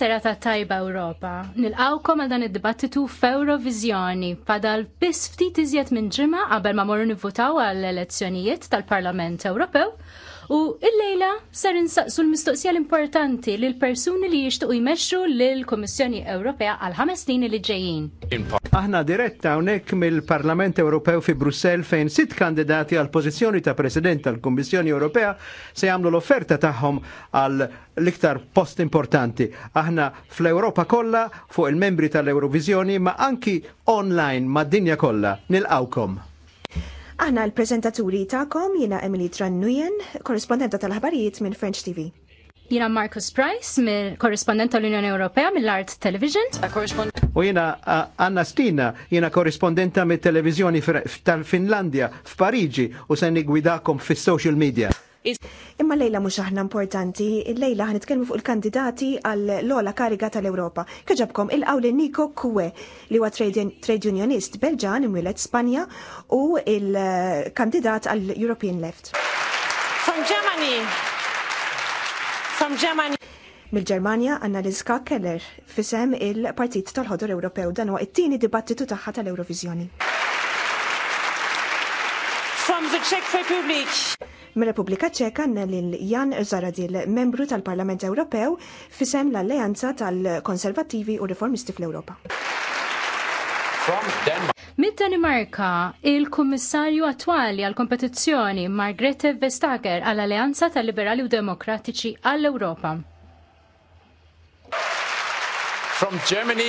serata tajba Ewropa. Nilqawkom għal dan id-dibattitu f'Eurovizjoni fadal biss ftit iżjed minn ġimgħa qabel ma morru nivvutaw għall elezzjonijiet tal-Parlament Ewropew U illejla ser insaqsu l-mistoqsija l-importanti l persuni li jixtuqu jmexxu lill-Kummissjoni Ewropea għal ħames snin li ġejjin. Aħna diretta hawnhekk mill-Parlament Ewropew fi Brussell fejn sitt kandidati għal pożizzjoni ta' President tal-Kummissjoni Ewropea se jagħmlu l-offerta tagħhom għal l-iktar post importanti. Aħna fl-Europa kollha fuq il-membri tal-Eurovizjoni ma anki online ma' dinja kollha nilqawkom. Aħna l-prezentaturi ta'kom jina Emily Trannujen, korrespondenta tal-ħabarijiet minn French TV. Jina Marcus Price, mill korrespondent tal-Unjoni Ewropea mill-Art Television. U jina Anna Stina, jina korrespondenta mill televizjoni tal-Finlandja f'Pariġi u se gwidakom fis-social media. Imma lejla mhux aħna importanti, lejla ħan nitkellmu fuq il-kandidati għal l-ola kariga tal-Ewropa. Keġabkom il-qawl Niko Kwe li huwa trade unionist Belġan imwieled Spanja u il-kandidat għal European Left. From Germany. From Germany. Mill-Ġermanja Annaliska Keller fisem il-Partit tal-Ħodur Ewropew dan huwa it-tieni dibattitu tagħha tal eurovizjoni From the Czech Republic. Mir-Repubblika Ċeka nell'il lil Jan Zaradil, membru tal-Parlament Ewropew, fisem l-Alleanza tal-Konservativi u Riformisti fl-Ewropa. Mid Danimarka, il-Kummissarju attwali għal kompetizzjoni Margrethe Vestager għall alleanza tal-Liberali u Demokratiċi għall-Ewropa. From Germany.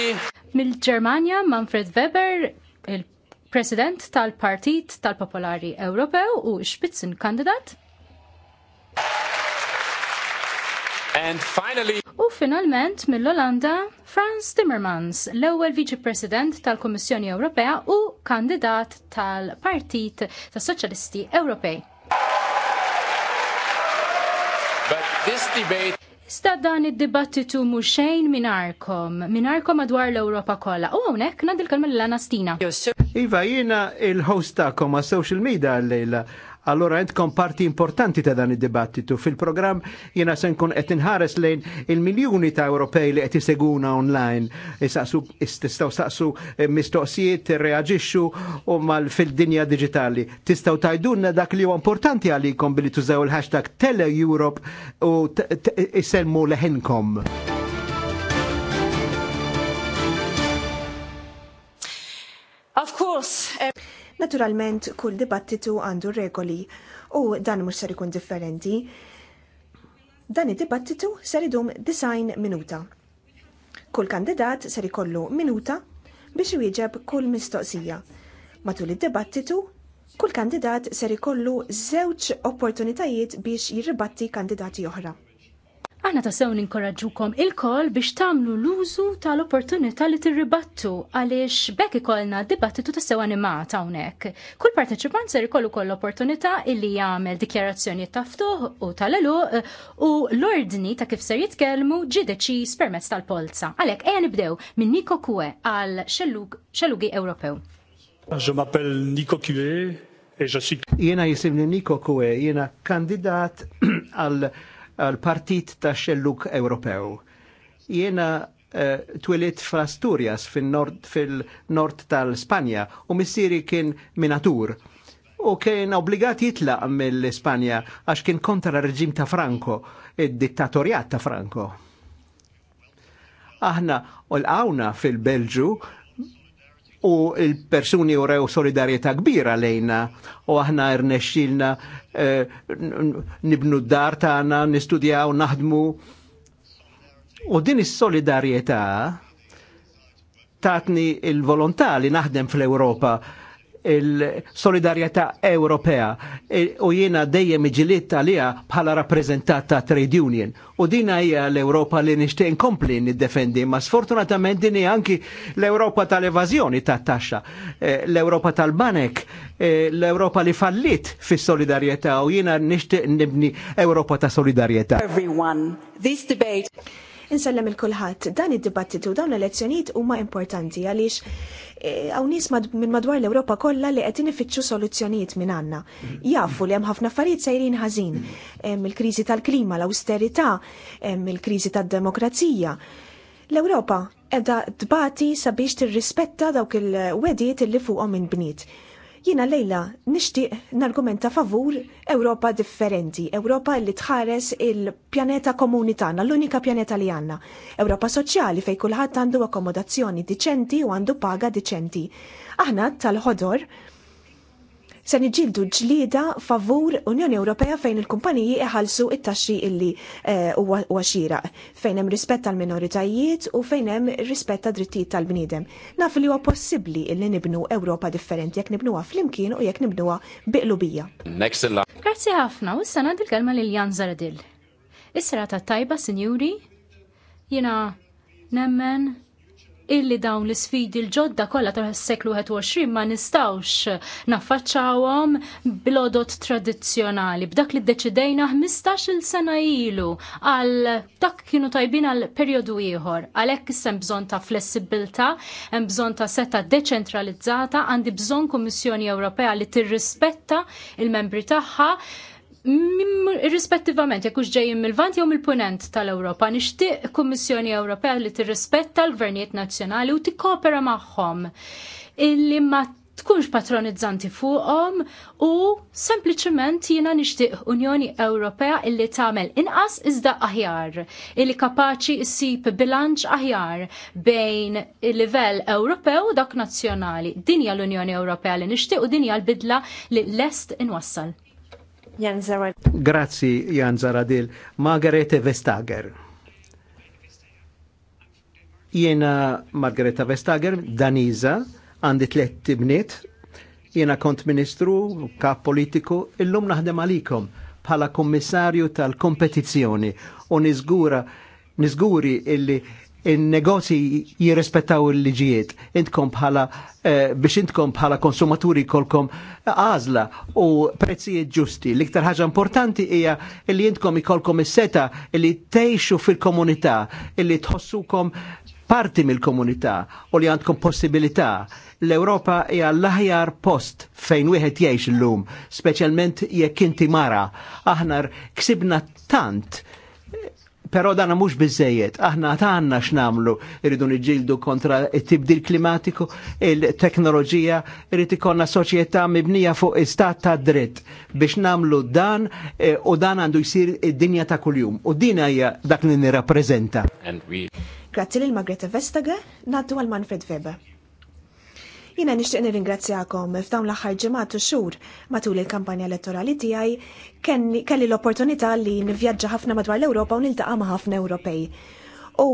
Mill-Germania, Manfred Weber, il president tal-Partit tal-Popolari Ewropew u Spitzen kandidat. And finally... U finalment mill-Olanda, Franz Timmermans, l-ewwel Viċi President tal-Kummissjoni Ewropea u kandidat tal-Partit tas-Soċjalisti Ewropej. But this debate Sta dan id-dibattitu mhux xejn minarkom, minarkom madwar l-Ewropa kollha. U hawnhekk ngħaddi l-kelma lil Anastina. Iva, jina il-host ta'kom għas social media l-lejla. Allora għedkom parti importanti ta' dan id-dibattitu. Fil-program jina senkun kun qed inħares lejn il-miljuni ta' Ewropej li qed iseguna online. Tistgħu saqsu eh, mistoqsijiet, reaġixxu u mal fil-dinja digitali. Tistgħu tajdunna dak li huwa importanti għalikom billi tużaw il-hashtag TeleEurope Europe u issemmu leħinkom. Of course. Eh, Naturalment, kull dibattitu għandu regoli u dan mhux ser ikun differenti. Dan id-dibattitu ser idum design minuta. Kull kandidat ser ikollu minuta biex iwieġeb kull mistoqsija. Matul id-dibattitu, kull kandidat ser ikollu żewġ opportunitajiet biex jirribatti kandidati oħra. Aħna ta' sew ninkoraġġukom il-kol biex tagħmlu l-użu tal-opportunità li tirribattu għaliex bekk ikollna dibattitu ta' sew animat hawnhekk. Kull parteċipant ser ikollu koll opportunità illi jagħmel dikjarazzjoni taftuħ u tal-eluq u l-ordni ta' kif ser jitkellmu ġie deċiż permezz tal-polza. Għalhekk ejja nibdew minn Niko Kue għal xellugi Ewropew. Je m'appelle Niko Kue e je suis jisimni Niko Kue, jiena kandidat għal għal-partit ta' xelluk Ewropew. Jena uh, eh, twilit fl-Asturias fil-nord fil tal-Spanja u missiri kien minatur u kien obbligat jitlaq mill-Ispanja għax kien kontra reġim ta' Franco, id-dittatorjat ta' Franco. Aħna u l-għawna fil-Belġu u il-persuni u rew solidarieta kbira lejna u aħna irnexxilna eh, nibnu d-dar tagħna, nistudjaw, naħdmu. U din is-solidarjetà tatni il-volontà li naħdem fl-Ewropa il-solidarjetà Ewropea e, u jiena dejjem iġiliet għalija bħala rappreżentat ta' trade union. U dina hija l-Ewropa li nixtieq inkompli niddefendi, ma sfortunatament din hija anki l-Ewropa tal-evażjoni tat-taxxa, e, l-Ewropa tal-banek, e, l-Ewropa li fallit fis-solidarjetà u jiena nixtieq nibni Ewropa ta' solidarjetà. Everyone, this debate Insellem il-kulħadd dan id-dibattitu dawn l-elezzjonijiet huma importanti għaliex eh, hawn nies minn madwar l-Ewropa kollha li qed inifittxu soluzzjonijiet minn għandna. Mhm. Jafu li hemm ħafna affarijiet sejrin ħażin, mhm. il-kriżi tal-klima, l austerita il-kriżi tad-demokrazija. L-Ewropa edha dbati sabiex tirrispetta dawk il il li fuqhom minn bniet jina lejla nixtieq nargumenta favur Ewropa differenti, Ewropa li tħares il-pjaneta komuni tagħna, l-unika pjaneta li għandna. Ewropa soċjali fejn kulħadd għandu akkomodazzjoni diċenti u għandu paga diċenti. Aħna tal-ħodor se niġildu ġlida favur Unjoni Ewropea fejn il-kumpaniji iħallsu it-taxxi illi eh, huwa għaxira, fejn hemm rispett tal-minoritajiet u fejn hemm rispett ta' drittijiet tal-bniedem. Naf li huwa possibbli illi nibnu Ewropa differenti jekk nibnuha flimkien u jekk nibnuha biqlubija. Grazzi ħafna, u sena dil-kelma lil Jan Zaradil. Isra ta' tajba, sinjuri, jina nemmen illi dawn l-sfidi l-ġodda kollha ta' s-seklu 21 ma nistawx naffaċċawhom blodot tradizzjonali b'dak li ddeċidejna 15-il sena ilu għal dak kienu tajbin għal perjodu ieħor. Għalhekk issa hemm bżonn ta' flessibilità, hemm bżonn ta' seta' deċentralizzata, għandi bżonn Kummissjoni Ewropea li tirrispetta il-membri tagħha irrispettivament jekk ġejjin mill-vant jew mill-punent tal-Ewropa, nixtieq Kummissjoni Ewropea li tirrispetta l-gvernijiet nazzjonali u tikkopera magħhom illi ma tkunx patronizzanti fuqhom u sempliċement jiena nixtieq Unjoni Ewropea illi tagħmel inqas iżda aħjar, illi kapaċi ssib bilanċ aħjar bejn il-livell Ewropew u dak nazzjonali. Dinja l-Unjoni Ewropea li nixtieq u dinja l-bidla li lest inwassal. Jan Zaradil. Grazzi, Jan Zaradil. Margarete Vestager. Jena Margareta Vestager, Daniza, għandi tlet tibniet, jena kont ministru, kap politiku, illum naħdem għalikom bħala kommissarju tal-kompetizzjoni u nizgura nizguri illi in-negozji jirrespettaw il-liġijiet. Intkom bħala eh, biex intkom bħala konsumaturi kolkom għazla u prezzijiet ġusti. L-iktar ħaġa importanti hija li intkom ikolkom is-seta li tejxu fil-komunità, li tħossukom parti mill-komunità u li għandkom possibilità. l europa hija l-aħjar post fejn wieħed jgħix l-lum. speċjalment jekk inti mara. Aħna ksibna tant Pero dana mux bizzejiet, aħna għanna x'namlu, irridu nġildu kontra il tibdil klimatiku, il-teknoloġija, irrid ikonna soċieta mibnija fuq istat ta' dritt biex namlu dan e, u dan għandu jsir id-dinja ta' kuljum. U din hija dak li nirrapprezenta. We... Grazzi lil Margreta Vestager, naddu għal Manfred Weber. Jina nishtiq nirringrazzjakom f'dawn l-aħħar ġimgħat u xhur matul il-kampanja elettorali tiegħi kelli l-opportunità li nivvjaġġa ħafna madwar l-Ewropa u niltaqa' ma' ħafna Ewropej. U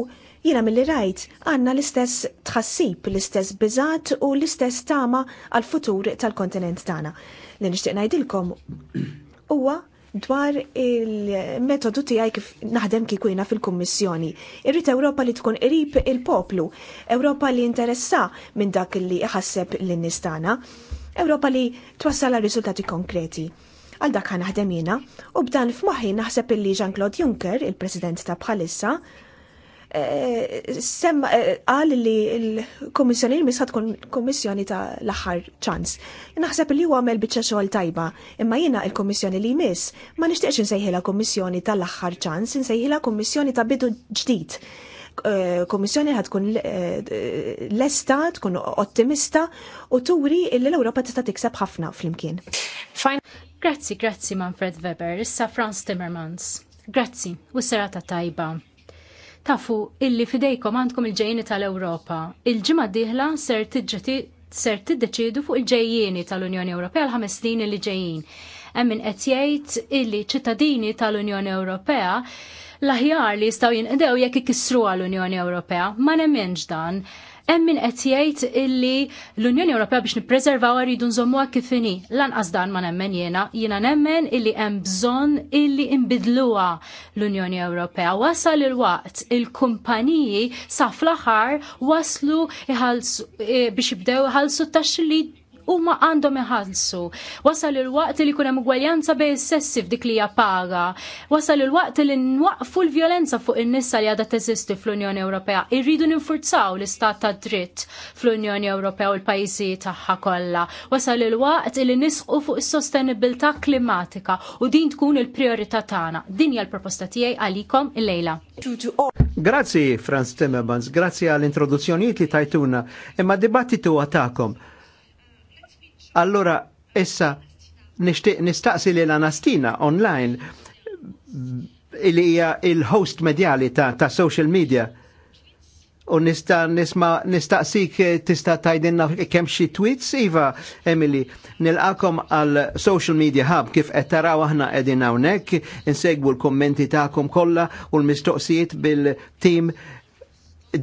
jina mill-li rajt għanna l-istess tħassib, l-istess bizat u l-istess tama għal-futur tal-kontinent tagħna. Li nixtieq ngħidilkom huwa dwar il-metodu tiegħi kif naħdem kikujna fil-Kummissjoni. Irrid Ewropa li tkun qrib il-poplu, Ewropa li interessa minn dak li iħasseb lin nistana Ewropa li twassal riżultati konkreti għal dak naħdem jiena u b'dan f'moħħi naħseb illi Jean-Claude Juncker, il-President ta' bħalissa, semma qal eh, li l li mis tkun komissjoni ta' l-aħħar ċans. Naħseb li huwa għamel biċċa xogħol tajba, imma jiena l komissjoni li jmiss ma nixtieqx komissjoni Kommissjoni tal-aħħar ċans, insejħilha Kommissjoni ta' bidu ġdid. Eh, Kommissjoni ħad tkun eh, lesta, tkun ottimista u turi l-Ewropa tista' tikseb ħafna flimkien. Grazzi, grazzi Manfred Weber, issa Franz Timmermans. Grazzi, u serata tajba tafu illi fidejkom għandkom il-ġejjini tal-Ewropa. Il-ġimgħa d-dieħla ser tiġġeti ser tiddeċidu fuq il-ġejjieni tal-Unjoni Ewropea l ħames snin li ġejjin. Hemm min qed jgħid illi ċittadini tal-Unjoni Ewropea l-aħjar li jistgħu jinqdew jekk ikissru għall-Unjoni Ewropea. Ma nemmenx dan hemm min qed jgħid illi l-Unjoni Ewropea biex nippreservaw rridu nżommuha kif inhi. Lanqas dan ma nemmen jiena, jiena nemmen illi hemm bżonn illi nbidluha l-Unjoni Ewropea. Wasal il-waqt il-kumpaniji sa fl-aħħar waslu eh, biex jibdew iħallsu t-taxxi li huma għandhom iħallsu. Wasal il-waqt li jkun hemm gwaljanza bej is-sessi f'dik li hija paga. Wasal il-waqt li nwaqfu l violenza fuq in-nisa li għadha teżisti fl-Unjoni Ewropea. Irridu ninfurzaw l-istat ta' dritt fl-Unjoni Ewropea u l pajzi tagħha kollha. Wasal il-waqt li nisqu fuq is-sostenibilità klimatika u din tkun il-priorità tagħna. Din hija l-proposta tiegħi għalikom il-lejla. Grazzi Franz Timmermans, grazzi għall-introduzzjonijiet li tajtuna, imma dibattitu għatakom Allora issa nistaqsi li l-Anastina online li hija il-host medjali ta', ta social media u nista nisma nistaqsik tista tajdinna kemm xi tweets iva Emily nilqakom għal social media hub kif qed taraw aħna qegħdin hawnhekk insegwu l-kummenti tagħkom kollha u l-mistoqsijiet bil-tim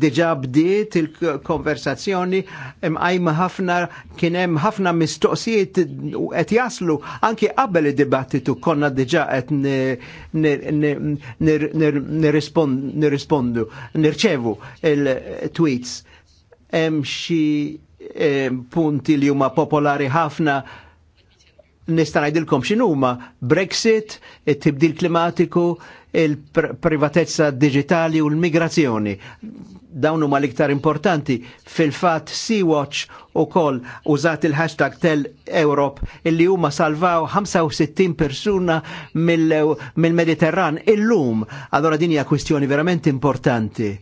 diġa bdiet il-konversazzjoni imqajma ħafna kienem ħafna mistoqsijiet u qed jaslu anki qabel id-dibattitu konna diġa qed nirrispondu nirċevu il-tweets hemm xi punti li huma popolari ħafna nista' ngħidilkom x'inhuma Brexit, it-tibdil klimatiku, il-privatezza digitali u l-migrazzjoni. Dawn huma l-iktar importanti fil-fat Sea-Watch u koll użat il-hashtag Tel Europe illi huma salvaw 65 persuna mill-Mediterran illum. Allora din hija kwistjoni verament importanti.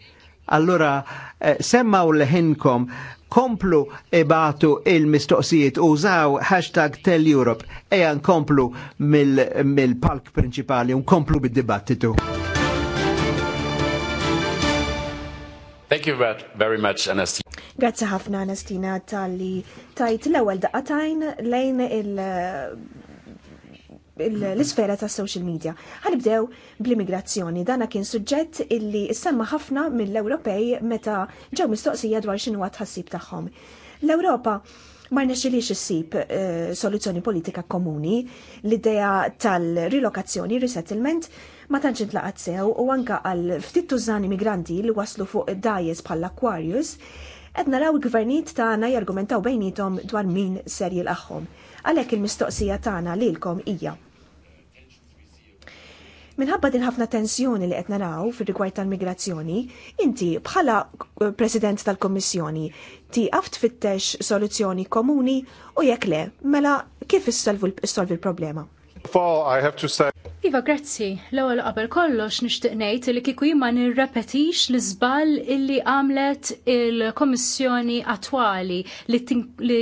Allora, eh, semmaw l l-ħinkom komplu ibatu il-mistoqsijiet użaw hashtag Tell Europe ejan komplu mill-palk mil principali un komplu bid-dibattitu. Thank you very much, Anastina. Grazie ħafna, Anastina, tal-li tajt l-ewel daqatajn lejn il- l-isfera ta' social media. Ħanibdew bl-immigrazzjoni. Dana kien suġġett illi semma ħafna mill-Ewropej meta ġew mistoqsija dwar x'inhu tħassib tagħhom. L-Ewropa ma rnexxilix issib eh, soluzzjoni politika komuni, l-idea tal-rilokazzjoni, resettlement, ma tantx intlaqat sew u anka għal ftit tużani migranti li waslu fuq dajes bħall-Aquarius, qed naraw il-gvernijiet tagħna jargumentaw bejnietom dwar min ser jilqahom. Għalhekk il-mistoqsija tagħna lilkom hija. Minħabba din ħafna tensjoni li qed naraw fir-rigward tal-migrazzjoni, inti bħala President tal-Kommissjoni tieqaf tfittex soluzzjoni komuni u jekk le, mela kif issolvi l-problema? Iva, grazzi. L-ewwel qabel kollox nixtieq ngħid li kieku ma nirrepetix l-iżball illi għamlet il-Kommissjoni attwali li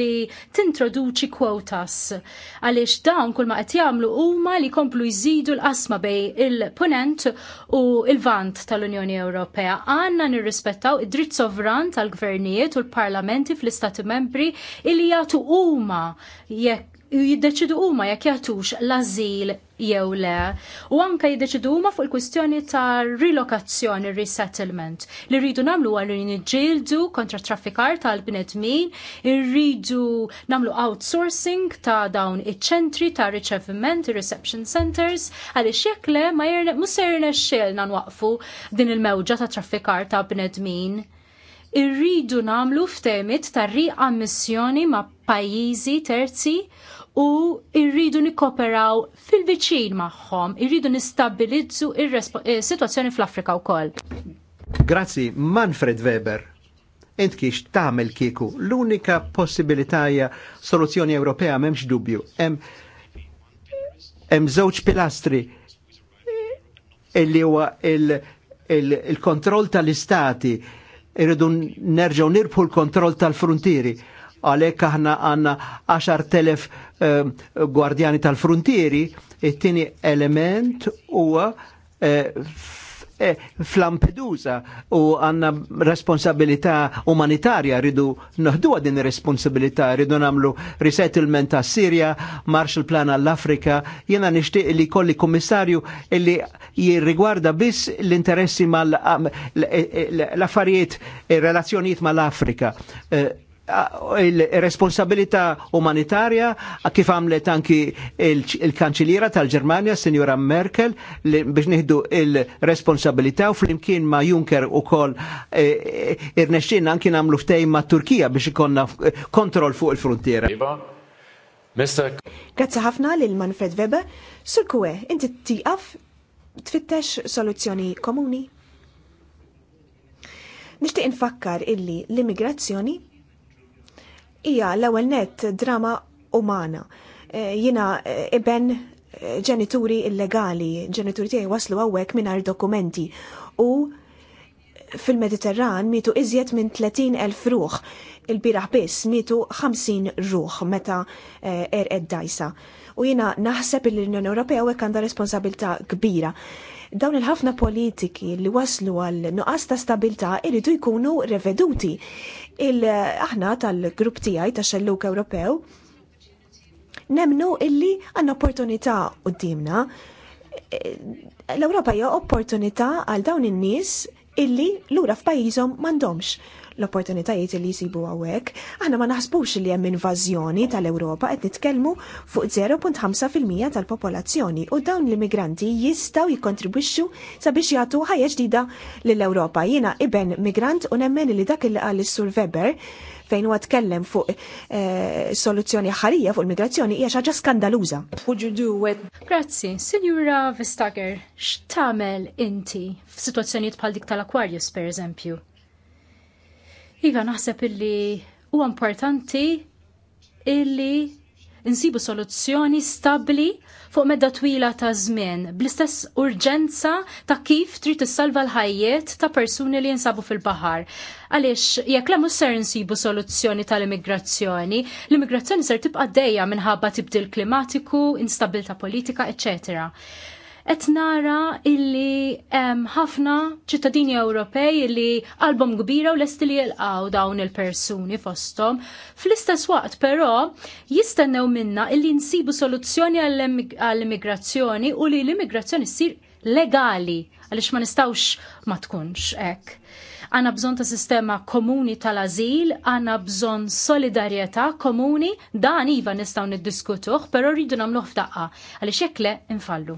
li tintroduċi kwotas għaliex dawn kull ma qed jagħmlu huma li komplu jżidu l-qasma bej il-punent u il-vant tal-Unjoni Ewropea. Għandna nirrispettaw id-dritt sovran tal-gvernijiet u l-parlamenti fl-istati membri li jagħtu huma jekk jiddeċidu huma jekk jagħtux l-azil jew le, u anke jiddeċidu huma fuq il-kwistjoni ta' relokazzjoni resettlement. Li rridu nagħmlu għal li niġġieldu kontra traffikar tal-bnedmin, irridu nagħmlu outsourcing ta' dawn iċ-ċentri ta' riċeviment, reception centers, għaliex jekk le ma mhux se jirnexxielna nwaqfu din il-mewġa ta' traffikar ta' bnedmin irridu namlu f'temit ta' missjoni ma' pajjiżi terzi u irridu nikoperaw fil-viċin maħħom, irridu nistabilizzu il-situazzjoni eh, fl-Afrika wkoll. Grazzi, Manfred Weber. Ent kiex tagħmel kieku, l-unika possibilità soluzzjoni Ewropea m'hemmx dubju. Hemm żewġ pilastri illi huwa il-kontroll il il tal-istati irridu nerġgħu nirbħu l-kontroll tal-frontieri għalek aħna għanna 10.000 ehm, gwardjani tal-frontieri, it-tini element huwa eh, eh, flampedusa u għanna responsabilità umanitarja ridu naħdu din responsabilità ridu namlu resettlement ta' Sirja, Marshall Plan għall-Afrika, jena nishti li kolli kommissarju li jirrigwarda biss l-interessi mal eh, l-affarijiet, relazzjoniet mal-Afrika il-responsabilità umanitarja kif għamlet anki il-kanċiliera tal-Germania, Signora Merkel, biex nieħdu il-responsabilità u flimkien ma' Juncker u kol e, e, irnexxin anki namlu ftej ma' Turkija biex ikonna e, kontroll fuq il-frontiera. Iva, Grazie ħafna lil Manfred Weber. Sur kwe, inti tiqaf tfittex soluzzjoni komuni? Nixtieq infakkar illi l-immigrazzjoni hija l-ewwel net drama umana. Eh, jina iben eh, eh, ġenituri illegali, ġenituri tiegħi waslu hawnhekk mingħajr dokumenti u fil-Mediterran mitu iżjed minn 30.000 ruħ. Il-biraħ biss mitu 50 ruħ meta erqed dajsa. U jina naħseb il unjoni Ewropea u għandha responsabilta kbira. Dawn il-ħafna politiki li waslu għal nuqqas ta' stabilta irridu jkunu reveduti il aħna tal-grupp tiegħi ta' xelluk Ewropew nemnu illi għandna opportunità dimna L-Ewropa hija opportunità għal dawn in-nies illi lura f'pajjiżhom m'għandhomx l-opportunitajiet li jisibu għawek, aħna ma naħsbux li hemm invażjoni tal-Ewropa qed nitkellmu fuq 0.5% tal-popolazzjoni u dawn l-immigranti jistgħu jikkontribwixxu sabiex jagħtu ħajja ġdida lill-Ewropa. Jiena iben migrant u nemmen li dak li qal is-Sur Weber fejn huwa tkellem fuq eh, soluzzjoni ħarija fuq il-migrazzjoni hija xi ħaġa skandaluża. Grazzi, Sinjura Vestager, x'tagħmel inti f'sitwazzjonijiet bħal dik tal-Aquarius pereżempju? Iva naħseb illi huwa importanti illi insibu soluzzjoni stabbli fuq medda twila ta' żmien bl-istess urġenza ta' kif trid issalva l-ħajjiet ta' persuni li jinsabu fil-baħar. Għaliex jekk hemm ser insibu soluzzjoni tal-immigrazzjoni, l-immigrazzjoni ser tibqa' dejja minħabba tibdil klimatiku, instabilta politika, eċċetera qed nara illi ħafna ċittadini Ewropej illi qalbhom kbira u lesti li jilqgħu dawn il-persuni fosthom. Fl-istess waqt però jistennew minna illi nsibu soluzzjoni għall-immigrazzjoni u li l-immigrazzjoni ssir legali għaliex ma nistawx ma tkunx hekk għanna bżon ta' sistema komuni tal-azil, għanna bżon solidarieta komuni, dan iva nistaw niddiskutuħ, pero rridu namluħ f'daqqa, għalix jekle infallu.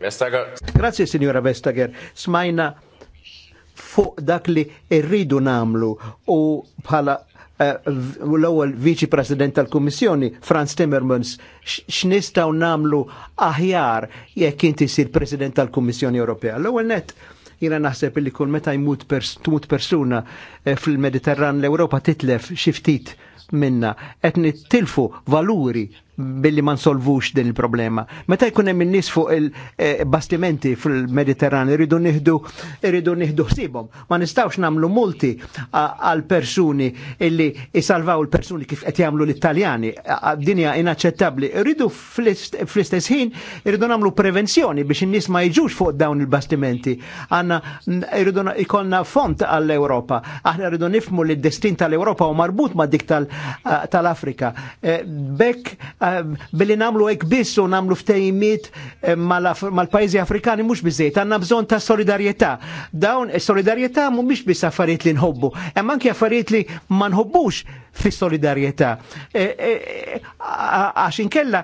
Vestager. Grazie, signora Vestager. Smajna fuq dak li irridu namlu u bħala u eh, l-ewwel viċi President tal-Kummissjoni, Franz Timmermans, x'nistgħu namlu aħjar jekk inti sir President tal-Kummissjoni Ewropea. L-ewwel net jiena naħseb li kull meta jmut pers tmut persuna eh, fil-Mediterran l-Ewropa titlef xi ftit minna qed nittilfu valuri billi ma nsolvux din il-problema. Meta jkun hemm in-nies fuq il-bastimenti eh, fil-Mediterran irridu nieħdu iridu nieħdu ħsiebhom. Ma nistgħux nagħmlu multi għal persuni illi isalvaw il-persuni kif qed jagħmlu l-Italjani. Dinja inaċċettabbli. Irridu fl-istess ħin iridu nagħmlu prevenzjoni biex in-nies ma jiġux fuq dawn il-bastimenti. Għandna iridu ikollna font għall-Ewropa. Aħna rridu nifmu li d-destin tal-Ewropa u marbut ma' dik tal-Afrika. Eh, bekk Eh, billi namlu ek biss u namlu ftejmit eh, mal-pajzi afrikani mux bizzejt, għanna bżon ta' solidarieta. Dawn solidarieta mu mux biss affarijiet li nħobbu, emman ki affarijiet li ma nħobbux fi solidarieta. Eh, għax inkella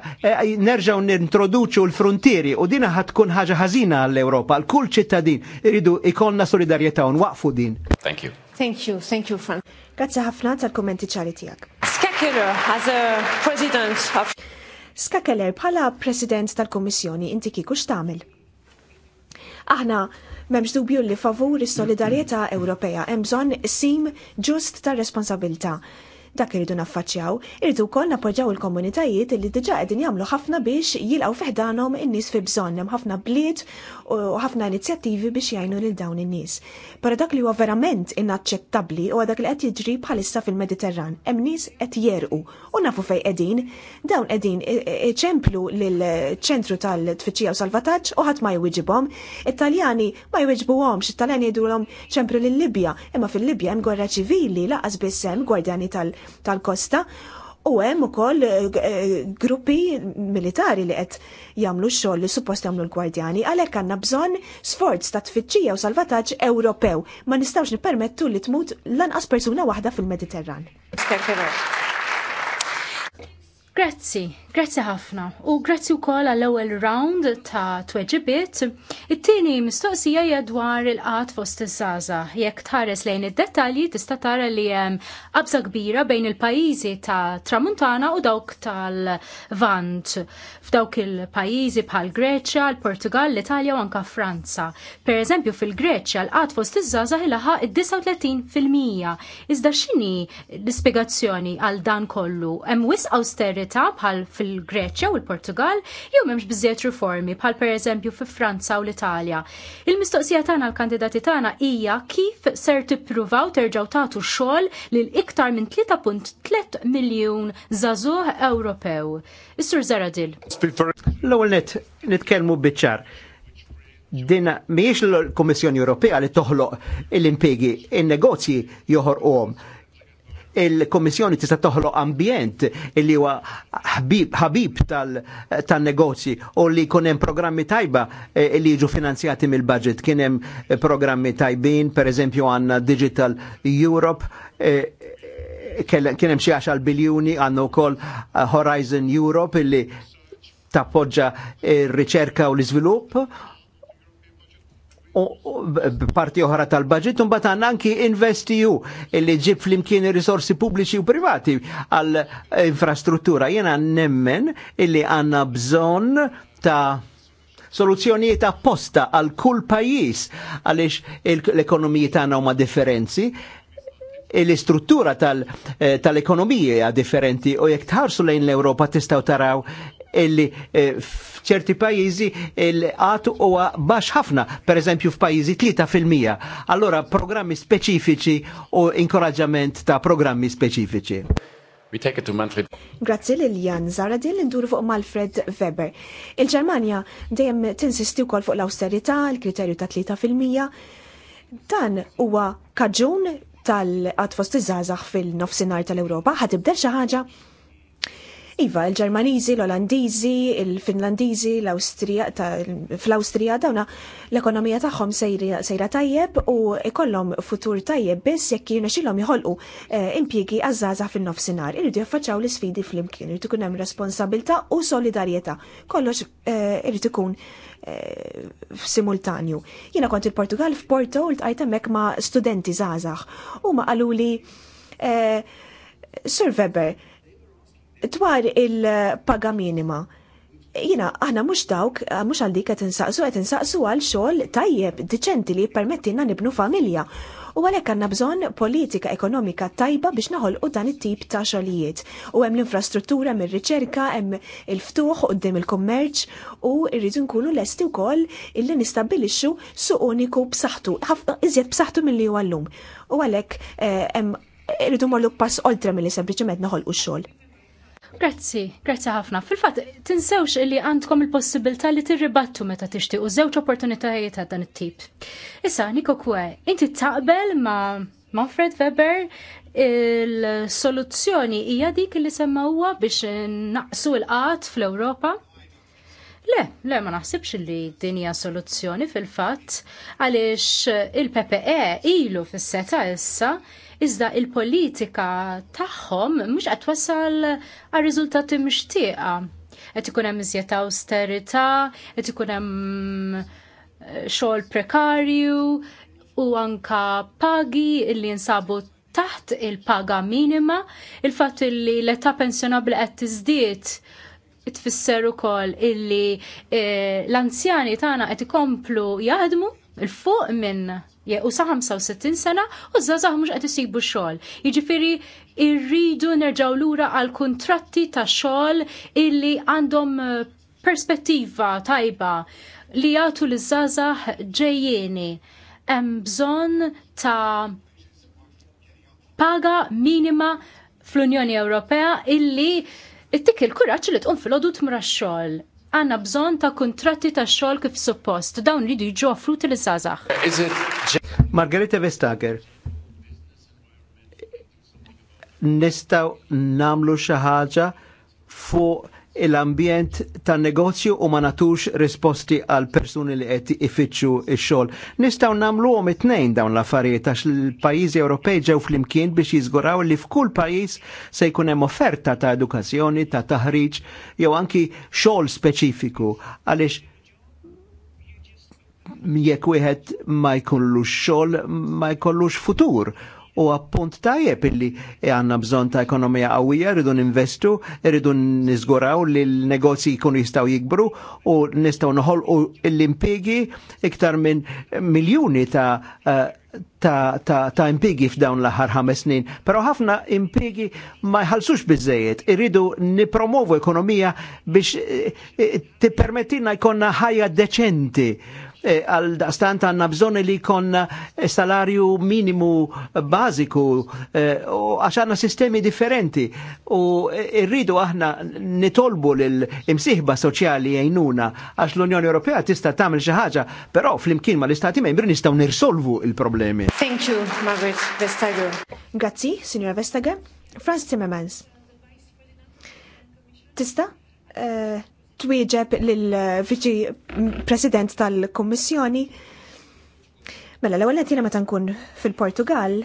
nerġaw nintroduċu l-frontieri u dina ħatkun ħaġa ħażina għall-Europa, għal-kull ċittadin iridu ikonna solidarieta u nwaqfu din. Thank you. Thank you, thank you, Fran. Grazie ħafna tal-kommenti ċari tijak. Keller as a president of Ska Keller bħala president tal-Kommissjoni inti kieku xtamil. Aħna m'hemmx dubju li favur is-solidarjetà Ewropea hemm bżonn sim ġust tar-responsabilità dak irridu naffaċċjaw, irridu wkoll nappoġġjaw il-komunitajiet li diġà qegħdin jagħmlu ħafna biex jilgħu fiħdanhom in-nies fi bżonn hemm ħafna bliet u ħafna inizjattivi biex jgħinu lil dawn in-nies. Però dak li huwa verament inaċċettabbli huwa dak li qed jiġri bħalissa fil-Mediterran. Hemm nies qed jerqu u nafu fejn qegħdin, dawn qegħdin iċemplu lill ċentru tal-tfittxija u salvataġġ u ħadd ma jwiġibhom. It-Taljani ma jwiġbuhomx, it-Taljani jgħidulhom ċempru lil Libja, imma fil-Libja hemm gwerra ċivili laqas biss hemm gwardjani tal- tal-kosta u hemm ukoll eh, eh, gruppi militari li qed jagħmlu x-xogħol li suppost jagħmlu l-gwardjani għalhekk għandna bżonn sforz ta' tfittxija u salvataġġ Ewropew. Ma nistgħux nippermettu li tmut lanqas persuna waħda fil-Mediterran. Grazzi. Grazzi ħafna u grazzi wkoll għall ewwel round ta' tweġibiet. It-tieni mistoqsija hija dwar il-qat fost iż-żgħażagħ. Jekk tħares lejn id-dettalji tista' tara li hemm qabża kbira bejn il-pajjiżi ta' Tramuntana u dawk tal-Vant. F'dawk il-pajjiżi bħal Greċja, l-Portugal, l-Italja u anke Franza. Pereżempju fil-Greċja l-qat fost iż-żgħażagħ ħilaħa id-39 fil-mija. Iżda x'inhi l-ispjegazzjoni għal dan kollu? Hemm wisq austerità bħal fil fil-Greċja u l-Portugal jew m'hemmx biżżejjed riformi bħal pereżempju fi Franza u l-Italja. Il-mistoqsija tagħna l-kandidati tagħna hija kif ser tippruvaw terġgħu tagħtu xogħol lil iktar minn 3.3 miljun żagħżugħ Ewropew. Is-Sur Zaradil. L-ewwel net nitkellmu biċ din miex l-Komissjoni Ewropea li toħloq l-impegi, il-negozji joħor għom il-Komissjoni tista' toħloq ambjent li huwa ħabib tal-negozji u li jkun hemm programmi tajba eh, li jiġu finanzjati mill-budget. Kien hemm eh, programmi tajbin, pereżempju għandna Digital Europe, eh, kien hemm xi 10 biljuni għandna wkoll Horizon Europe illi tappoġġa ir-riċerka u l-iżvilupp parti oħra tal-budget, un batan anki investiju illi ġib flimkien risorsi pubbliċi u privati għal infrastruttura. Jena nemmen illi għanna bżon ta' soluzzjonijiet apposta għal kull pajis għaliex l-ekonomiji tagħna huma differenzi l-istruttura tal-ekonomija tal eh, differenti u jekk tħarsu lejn l-Europa tistaw taraw illi eh, f'ċerti pajjiżi il għatu huwa baxx ħafna, pereżempju f'pajjiżi 3%. Allora programmi speċifiċi u inkoraġġament ta' programmi speċifiċi. We take it to Manfred. Grazzi Lilian Jan Zaradin l-indur fuq Malfred Weber. il germania dejjem tinsisti wkoll fuq l-austerità, l-kriterju ta' 3%. Dan huwa kaġun tal-qatfos iż-żgħażagħ fil-nofsinhar tal-Ewropa ħad xi ħaġa Iva, il-Ġermaniżi, l-Olandiżi, il-Finlandiżi, fl-Awstrija dawna l-ekonomija tagħhom sejra tajjeb u ikollhom futur tajjeb biss jekk xilhom jħolqu eh, impjiegi għażaża fin-nofsinhar. Irridu jaffaċċaw l-isfidi flimkien, irid ikun hemm responsabilità u solidarjetà. Kollox eh, irid ikun eh, simultanju. Jiena kont il-Portugal f'Porto u l-tqajt hemmhekk ma' studenti żgħażagħ u ma qaluli Sir Weber, Dwar il-paga minima, jina, aħna mux dawk, mux għal dik insaqsu, għet insaqsu għal xol tajjeb, diċenti li permettina nibnu familja. U għalek għanna bżon politika ekonomika tajba biex naħol u dan it-tip ta' xolijiet. U hemm l-infrastruttura, hemm riċerka hemm il-ftuħ qudiem il-kummerċ u rridu nkunu lesti wkoll illi nistabilixu su uniku b'saħħtu, iżjed b'saħħtu milli u llum. U għalhekk eh, hemm rridu morlu pass oltre milli sempliċement naħolqu x-xogħol. Grazzi, grazzi ħafna. Fil-fatt, tinsewx li għandkom il-possibilità li tirribattu meta u żewġ opportunitajiet ta' dan it-tip. Issa, Niko Kwe, inti taqbel ma' Manfred Weber il-soluzzjoni hija dik li huwa biex naqsu l-qat fl-Ewropa? Le, le, ma naħsibx li din hija soluzzjoni fil-fatt għaliex il-PPE ilu fis-seta issa iżda il-politika tagħhom mhux qed wasal għal riżultati mixtieqa. Qed ikun hemm iżjed austerità, qed ikun hemm eh, xogħol prekarju u anka pagi li jinsabu taħt il-paga minima, il-fatt li l-età pensjonabli qed tiżdied tfisser ukoll illi eh, l-anzjani tagħna qed ikomplu jaħdmu il-fuq minn u sa' 65 sena u zazah mhux qed isibu xogħol. Jiġifieri irridu nerġa'w lura għal kuntratti ta' xogħol illi għandhom eh, perspettiva tajba li jagħtu li zazah ġejjieni. Hemm bżonn ta' paga minima fl-Unjoni Ewropea illi ittik il-kuraċ li tqum fil-ħodu t xogħol għanna bżon ta' kontratti ta' xol kif suppost. Dawn li jiġu għafruti li zazax. Margarita Vestager, nistaw namlu xaħġa ħaġa fuq l-ambjent tan negozju u ma natux risposti għal persuni li qed ifittxu xol xogħol Nistgħu nagħmluhom it-tnejn dawn l-affarijiet għax il pajizi Ewropej ġew flimkien biex jiżguraw li f'kull pajjiż se jkun hemm offerta ta' edukazzjoni, ta' taħriġ jew anki xogħol speċifiku għaliex jekk wieħed ma jkollux xogħol ma jkollux futur u appunt tajjeb illi għanna bżon ta' ekonomija qawwija, rridu ninvestu, rridu nizguraw li l-negozji jkunu jistaw jikbru u nistaw noħol u l-impigi iktar minn miljoni eh, ta' ta', ta, ta impigi f'dawn l-aħħar ħames snin, però ħafna impigi ma jħalsux biżejjed, irridu nipromovu ekonomija biex eh, eh, tippermettina jkollna ħajja deċenti E, għal e, daqstant għanna bżon li kon e, salarju minimu bażiku e, għax e, għanna sistemi differenti u irridu aħna nitolbu l-imsiħba soċjali jgħinuna għax l-Unjoni Ewropea tista' tamil xaħġa, xi fl-imkien ma l istati Membri nistgħu nirsolvu il-problemi. Thank you, Margaret Vestager. Grazzi, Signora Vestager. Franz Timmermans. Tista' uh twieġeb lill-Viċi President tal-Kummissjoni. Mela l-ewwel qed meta nkun fil-Portugal,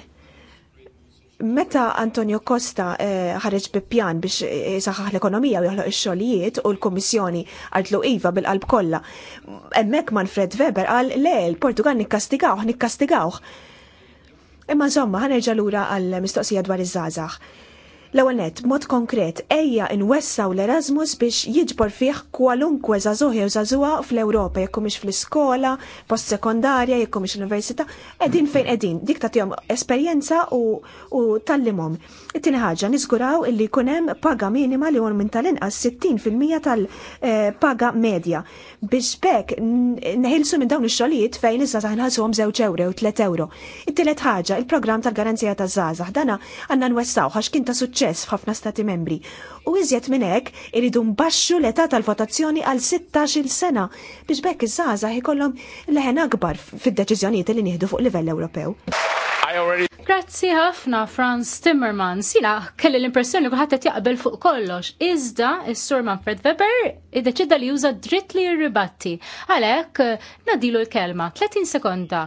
meta Antonio Costa eh, ħareġ bi pjan biex jisaħħaħ eh, l-ekonomija u joħloq ix-xogħlijiet u l-Kummissjoni għartlu iva bil-qalb kollha. Hemmhekk Manfred Weber qal le l-Portugal nikkastigawh, nikkastigawh. Imma insomma ħanerġa' lura għall mistoqsija dwar iż-żgħażagħ L-ewwel mod konkret, ejja nwessaw l-Erasmus biex jiġbor fih kwalunkwe zazuħi jew zazuħa fl-Ewropa, jekk fl-iskola, post-sekondarja, jekk l-università, qegħdin fejn qegħdin, dik tagħtihom esperjenza u, u tallimhom. it Ittin ħagġa nizguraw illi jkun hemm paga minima li għon minn tal-inqas 60% tal-paga eh, medja. Biex bek neħilsu minn dawn ix-xogħlijiet fejn iżda għom 2 euro u 3 euro. it ħagġa ħaġa, il-programm tal-garanzija taż-żgħażagħ dana għandna nwessaw għax kien ta' suċċess suċċess f'ħafna stati membri. U iżjed minn hekk iridu mbaxxu l-età tal-votazzjoni għal 16-il sena biex bekk iż-żgħażagħ ikollhom leħen akbar fid-deċiżjonijiet li nieħdu fuq livell Ewropew. Grazzi ħafna Franz Timmermans, Sina kelli l-impressjoni li kulħadd qed jaqbel fuq kollox. Iżda is-Sur Manfred Weber iddeċida li juża dritt li jirribatti. Għalhekk nadilu l-kelma 30 sekonda.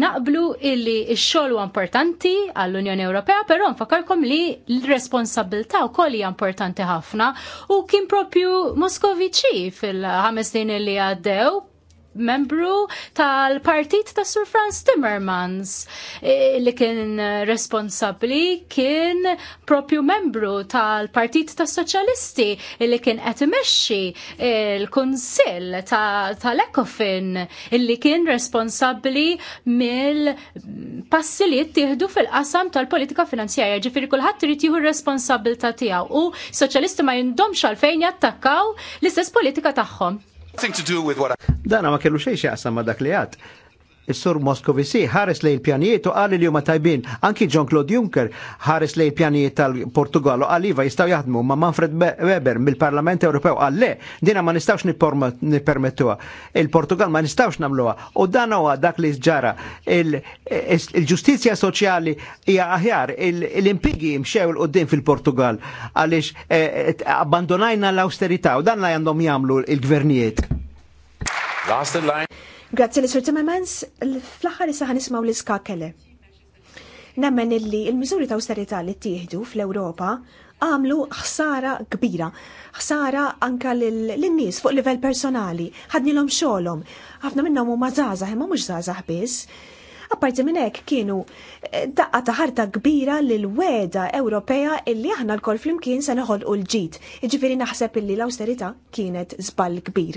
Naqblu illi x-xogħol huwa importanti għall-Unjoni Ewropea, però nfakarkom li l-responsabilità wkoll hija importanti ħafna u kien propju Moskoviċi fil-ħames din li għaddew membru tal-partit ta' Sir Franz Timmermans eh, li kien responsabli kien propju membru tal-partit ta' Soċjalisti eh, li kien qed imexxi il-Kunsill eh, tal-Ecofin li kien responsabbli mill-passi li jittieħdu fil-qasam tal-politika finanzjarja ġifieri kulħadd irid jieħu r-responsabilità tiegħu u soċjalisti ma jindomx għalfejn jattakkaw l-istess politika tagħhom. Dan ma kellu xejn xaqsam ma dak li għad. Is-sur Moskovici ħares lejn pjanijiet u qal li huma tajbin. Anki John Claude Juncker ħares lejn pjanijiet tal-Portugallu qal iva jistgħu jaħdmu ma' Manfred Weber mill-Parlament Ewropew qal le dina ma nistgħux nippermettuha. Il-Portugal ma nistgħux nagħmluha u dan huwa dak li sġara Il-ġustizzja soċjali hija aħjar l-impigi mxew l qudiem fil-Portugal għaliex eh, eh, abbandonajna l-austerità u dan la jandom jagħmlu il-gvernijiet. Last in line. Grazzi li Sir Timmermans, fl-aħħar issa ħanismaw l-iska kelle. Nemmen illi il-miżuri ta' austerità li ttieħdu fl-Ewropa għamlu ħsara kbira, ħsara anka lin-nies fuq livell personali, ħadnilhom xogħolhom. Ħafna minnhom huma żgħażagħ, imma mhux żgħażagħ biss Apparti minn hekk kienu eh, daqqa ta' ħarta kbira lil weda Ewropea illi aħna lkoll flimkien se u l-ġid. Jiġifieri naħseb illi l-awsterità kienet żball kbir.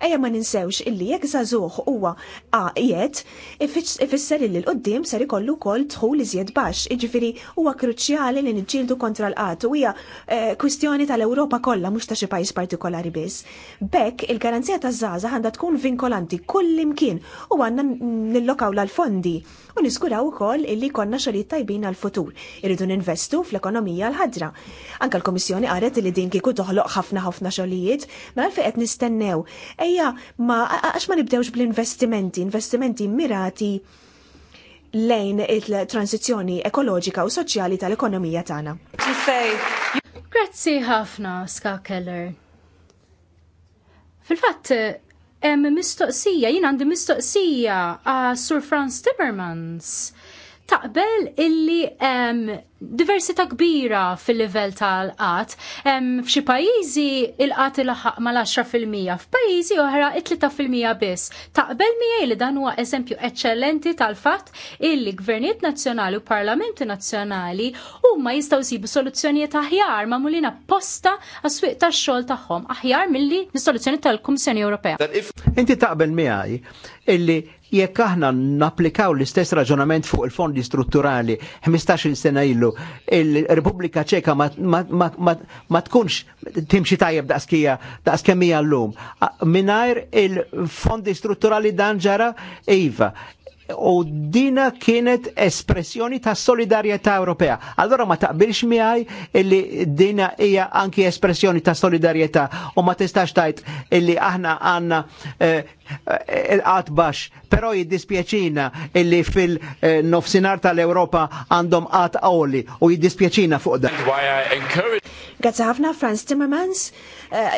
Ejja ma ninsewx illi jekk żagħżugħ huwa qiegħed ifisser illi l-qudiem ser ikollu wkoll dħul iżjed baxx. Jiġifieri huwa kruċjali li niġġieldu kontra l-qatt u hija eh, kwistjoni tal-Ewropa kollha mhux ta' xi pajjiż partikolari biss. Bekk il-garanzija taż-żgħażagħ għandha tkun vinkolanti kull imkien u għandna nillokaw l-fondi validi u niskuraw ukoll illi konna xarid tajbin għal futur irridu ninvestu fl-ekonomija l-ħadra. Anka l-Komissjoni qaret li din kieku toħloq ħafna ħafna xogħlijiet, mela fejn qed nistennew. Ejja, ma għax ma nibdewx bl-investimenti, investimenti mirati lejn il-transizjoni ekoloġika u soċjali tal-ekonomija tagħna. Grazzi ħafna, Ska Keller. Fil-fatt, Em mistoqsija, jien għandi mistoqsija għas ah, Sur Franz Timmermans taqbel illi um, diversità kbira fil level tal-qat. Um, f'xi pajjiżi il-qat il-ħaq mal-10%, f'pajjiżi oħra it-3% biss. Taqbel miegħi li dan huwa eżempju eċċellenti tal-fatt illi gvernijiet nazzjonali u parlamenti nazzjonali huma jistgħu jsibu soluzzjonijiet aħjar magħmulin apposta għas-swieq tax-xogħol tagħhom aħjar milli mis-soluzzjoni tal-Kummissjoni Ewropea. Inti taqbel miegħi illi jekk aħna napplikaw l-istess raġunament fuq il-fondi strutturali 15 sena illu, il-Repubblika Ċeka ma, ma, ma, ma tkunx timxi tajjeb daqskija daqskemija l-lum. Minajr il-fondi strutturali dan ġara iva, u dina kienet espressjoni ta' solidarjetà Ewropea. Allora ma taqbilx miħaj illi dina hija anki espressjoni ta' solidarjetà u ma tistax tajt illi aħna għanna il-qat eh, eh, bax, pero jiddispjaċina illi fil-nofsinar eh, tal-Europa għandhom qat għoli u jiddispjaċina fuq da. Grazie ħafna Franz Timmermans,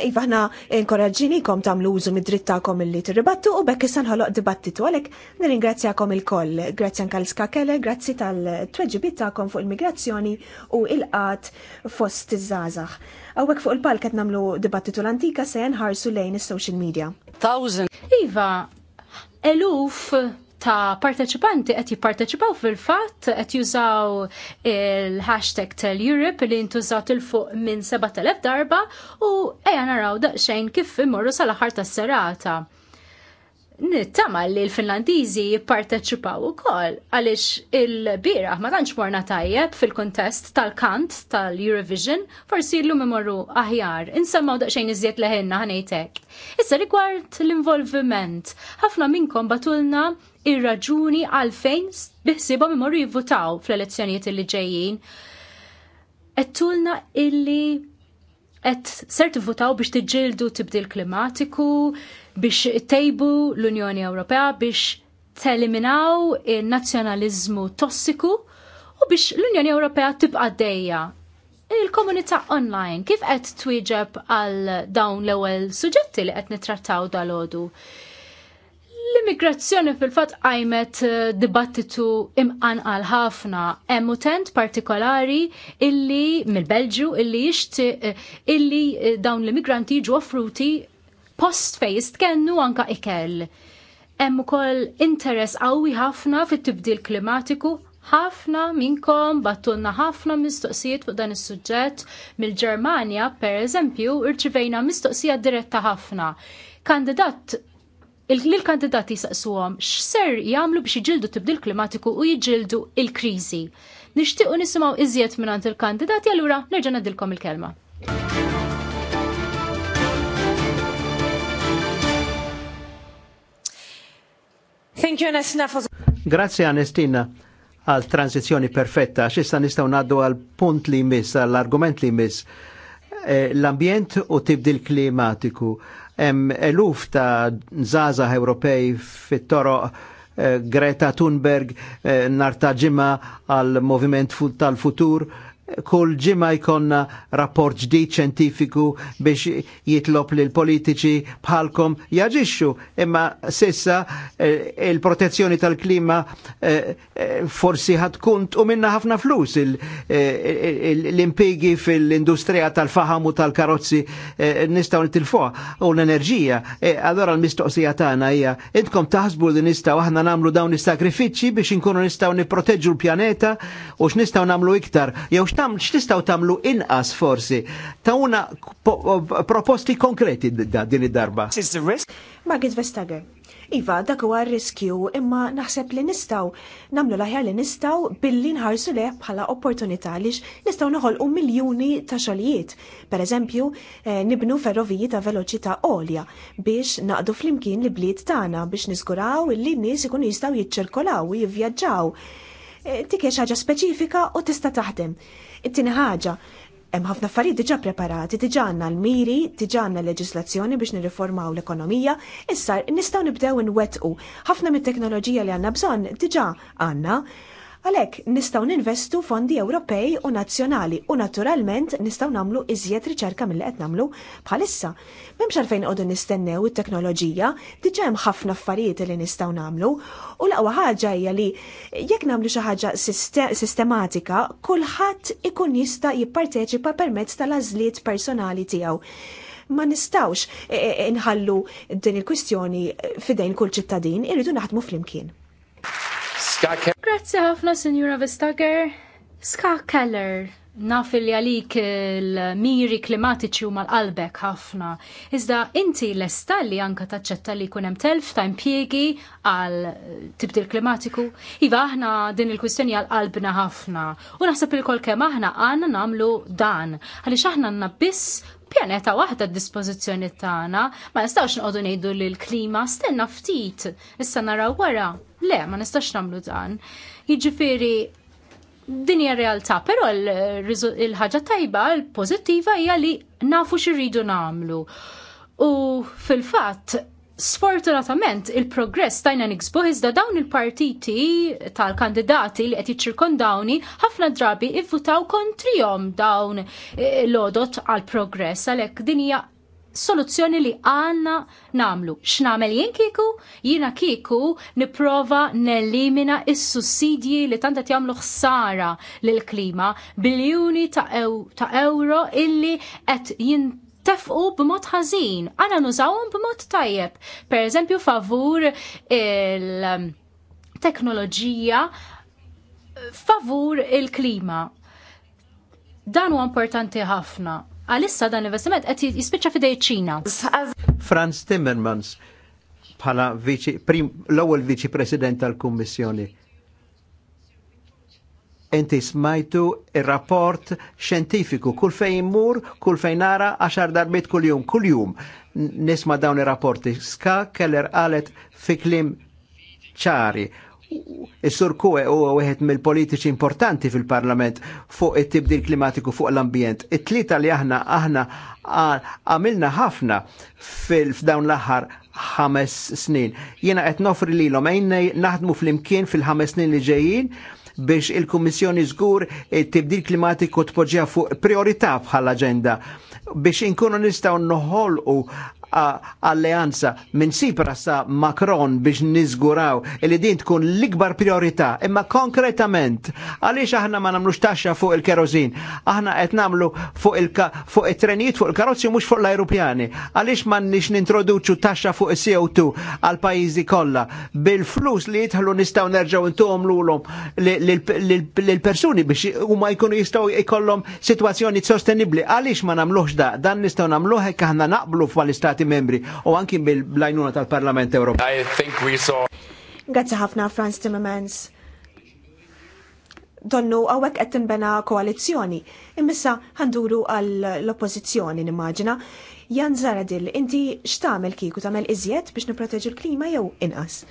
Ivana inkoraġġini kom tamlu użu mid-drittakom illi tirribattu u bekk issa nħoloq dibattitu għalek nirringrazzjakom lilkom il-koll. Grazzi anka l-skakele, grazzi tal-tweġibit tagħkom fuq il-migrazzjoni u il-qat fost iż-żgħażagħ. Hawnhekk fuq il-palk qed nagħmlu dibattitu l-antika se jenħarsu lejn is-social media. Thousand. Iva, eluf ta' parteċipanti qed jipparteċipaw fil-fatt qed jużaw il-hashtag Tell Europe li ntużat il fuq minn 7000 darba u ejja naraw daqsxejn kif imorru sal-aħħar tas-serata nittama li l-Finlandiżi jipparteċipaw ukoll għaliex il-bieraħ ma tantx morna tajjeb fil-kuntest tal-kant tal-Eurovision forsi llum imorru aħjar insemmaw daqsxejn iżjed leħinna ħanejtek. Issa rigward l-involviment, ħafna minnkom batulna ir-raġuni għalfejn biħsibhom imorru jivvutaw fl-elezzjonijiet li ġejjin. Ettulna illi qed ser biex tiġildu tibdil klimatiku, biex tejbu l-Unjoni Ewropea biex teliminaw il nazjonalizmu tossiku u biex l-Unjoni Ewropea tibqa' dejja il-komunità online kif qed twieġeb għal dawn l-ewwel suġġetti li qed nittrattaw dal-għodu. L-immigrazzjoni fil-fatt għajmet eh, dibattitu imqan għal ħafna hemm utent partikolari illi mill-Belġu illi jixti eh, illi eh, dawn l-immigranti jiġu offruti post fej istkennu anka ikel. Hemm ukoll interess qawwi ħafna fit-tibdil klimatiku ħafna minnkom battunna ħafna mistoqsijiet fuq dan is-suġġett mill-Ġermanja, pereżempju, irċivejna mistoqsija diretta ħafna. Kandidat il-kandidati jisaqsuhom x'ser jagħmlu biex jiġildu tibdil klimatiku u jiġildu il-kriżi. Nixtiequ nisimgħu iżjed għand il-kandidati allura nerġa' nadilkom il-kelma. Thank you, Anestina. For... Grazie, Anestina, għal transizjoni perfetta. Xista nistaw naddu għal punt li mis, għal argument li mis. Eh, l-ambjent u tibdil klimatiku. Em, eluf ta' zaza Ewropej fit-toroq toro eh, Greta Thunberg eh, nartaġima għal moviment tal-futur kull ġimma jkonna rapport ġdid ċentifiku biex jitlob li l-politiċi bħalkom jaġixxu. Imma sissa eh, il-protezzjoni tal-klima eh, eh, forsi ħatkun u minna ħafna flus l-impigi fil-industrija tal-faham u tal-karozzi nistaw nitilfuq u l-enerġija. Allora l-mistoqsija tagħna hija intkom taħsbu li nistaw aħna nagħmlu dawn is-sakrifiċċji biex inkunu nistaw nipproteġġu l-pjaneta u x'nistgħu nagħmlu iktar jew tam, x'tistgħu tagħmlu inqas forsi tawna proposti konkreti din id-darba. Margit Vestager. Iva, dak huwa riskju imma naħseb li nistaw namlu l-aħjar li nistaw billi nħarsu leħ bħala opportunità lix nistaw noħolqu miljuni ta' xogħlijiet. Per eżempju, eh, nibnu ferroviji ta' veloċità għolja biex naqdu flimkien li bliet tagħna biex niżguraw li nies ikunu jistgħu jiċċirkolaw u jivvjaġġaw dik eh, hija ħaġa speċifika u tista' taħdem. It-tieni ħaġa hemm ħafna affarijiet diġà preparati, diġà għandna l-miri, diġà għandna leġislazzjoni biex nirriformaw l-ekonomija, issa nistgħu nibdew inwettqu. Ħafna mit-teknoloġija li għandna bżonn diġà għandna, Għalhekk nistgħu ninvestu fondi Ewropej u nazzjonali u naturalment nistgħu nagħmlu iżjed riċerka mill qed nagħmlu bħalissa. Memx għalfejn qogħdu nistennew it-teknoloġija, diġa' hemm ħafna affarijiet li nistgħu nagħmlu u l-aqwa ħaġa hija li jekk nagħmlu xi ħaġa sistematika, kulħadd ikun jista' jipparteċipa permezz tal-għażliet personali tiegħu ma nistawx inħallu e, e, e, din il-kwistjoni fidejn kull ċittadin, irridu naħdmu flimkien. Keller. Grazzi ħafna, Signora Vestager. Ska Keller, naf li għalik il-miri klimatiċi u mal-qalbek ħafna. Iżda inti l-esta li anka taċċetta li kunem telf ta' impiegi għal tibdil klimatiku. Iva aħna din il-kwistjoni għal qalbna ħafna. U naħseb il-kol kem aħna għanna namlu dan. Għalix aħna nabbis biss pjaneta waħda d-dispożizzjoni tagħna, ma nistax nqogħdu ngħidu li l-klima stenna ftit issa naraw wara. Le, ma nistax nagħmlu dan. Jiġifieri din hija realtà, però il ħaġa tajba, l-pożittiva hija li nafu x'irridu nagħmlu. U fil-fatt sfortunatament il-progress tajna niksbuħ iżda dawn il-partiti tal-kandidati li qed jiċċirkondawni ħafna drabi ivvutaw kontrihom dawn eh, l-odot għal-progress għalhekk din hija soluzzjoni li għanna namlu. X'namel jien kiku? Jiena kiku niprova nelimina is-sussidji li tanta jagħmlu ħsara lill klima biljuni ta', ew, ta euro illi qed jint tefqu b'mod ħażin, għana nużawhom b'mod tajjeb. Per eżempju favur il-teknoloġija favur il-klima. Dan huwa importanti ħafna. Għalissa dan l-investiment qed jispiċċa fidej ċina. Franz Timmermans bħala l-ewwel viċi president tal-Kummissjoni Enti smajtu il-rapport xentifiku, kull fejn mur, kull fejn nara, għaxar darbit kull jum, kull jum. Nisma dawn il-rapporti. Ska keller għalet fi klim ċari. Is-sur Kue huwa wieħed mill-politiċi importanti fil-Parlament fuq it-tibdil klimatiku fuq l-ambjent. It-tlieta li aħna aħna għamilna ħafna f'dawn l-aħħar ħames snin. Jiena qed nofri lilhom għajnej, naħdmu fl-imkien fil-ħames snin li ġejjin biex il-Kummissjoni żgur it tibdil klimatiku tpoġġiha fuq priorità bħall-aġenda biex inkunu nistgħu noħolqu alleanza minn Sipra sa Macron biex nizguraw li din tkun l-ikbar priorità imma konkretament għaliex aħna ma namlux taxxa fuq il-kerozin aħna qed namlu fuq it-trenijiet fuq il-karozzi mhux fuq l-ajrupjani għaliex ma nix nintroduċu taxxa fuq il-CO2 għal pajjiżi kollha bil-flus li jidħlu nistgħu nerġgħu intuhom lulhom lill-persuni biex huma jkunu jistgħu jkollhom sitwazzjoni sostenibbli għaliex ma nagħmluhx da dan nistgħu nagħmluh hekk aħna naqblu fl-istati stati membri u anki bil lajnuna tal-Parlament Ewropew. Grazzi ħafna Franz Timmermans. Donnu għawek qed tinbena koalizzjoni. Immissa ħanduru għall-oppożizzjoni nimmaġina. Jan Zaradil, inti x'tagħmel kieku tagħmel iżjed biex nipproteġu l-klima jew inqas?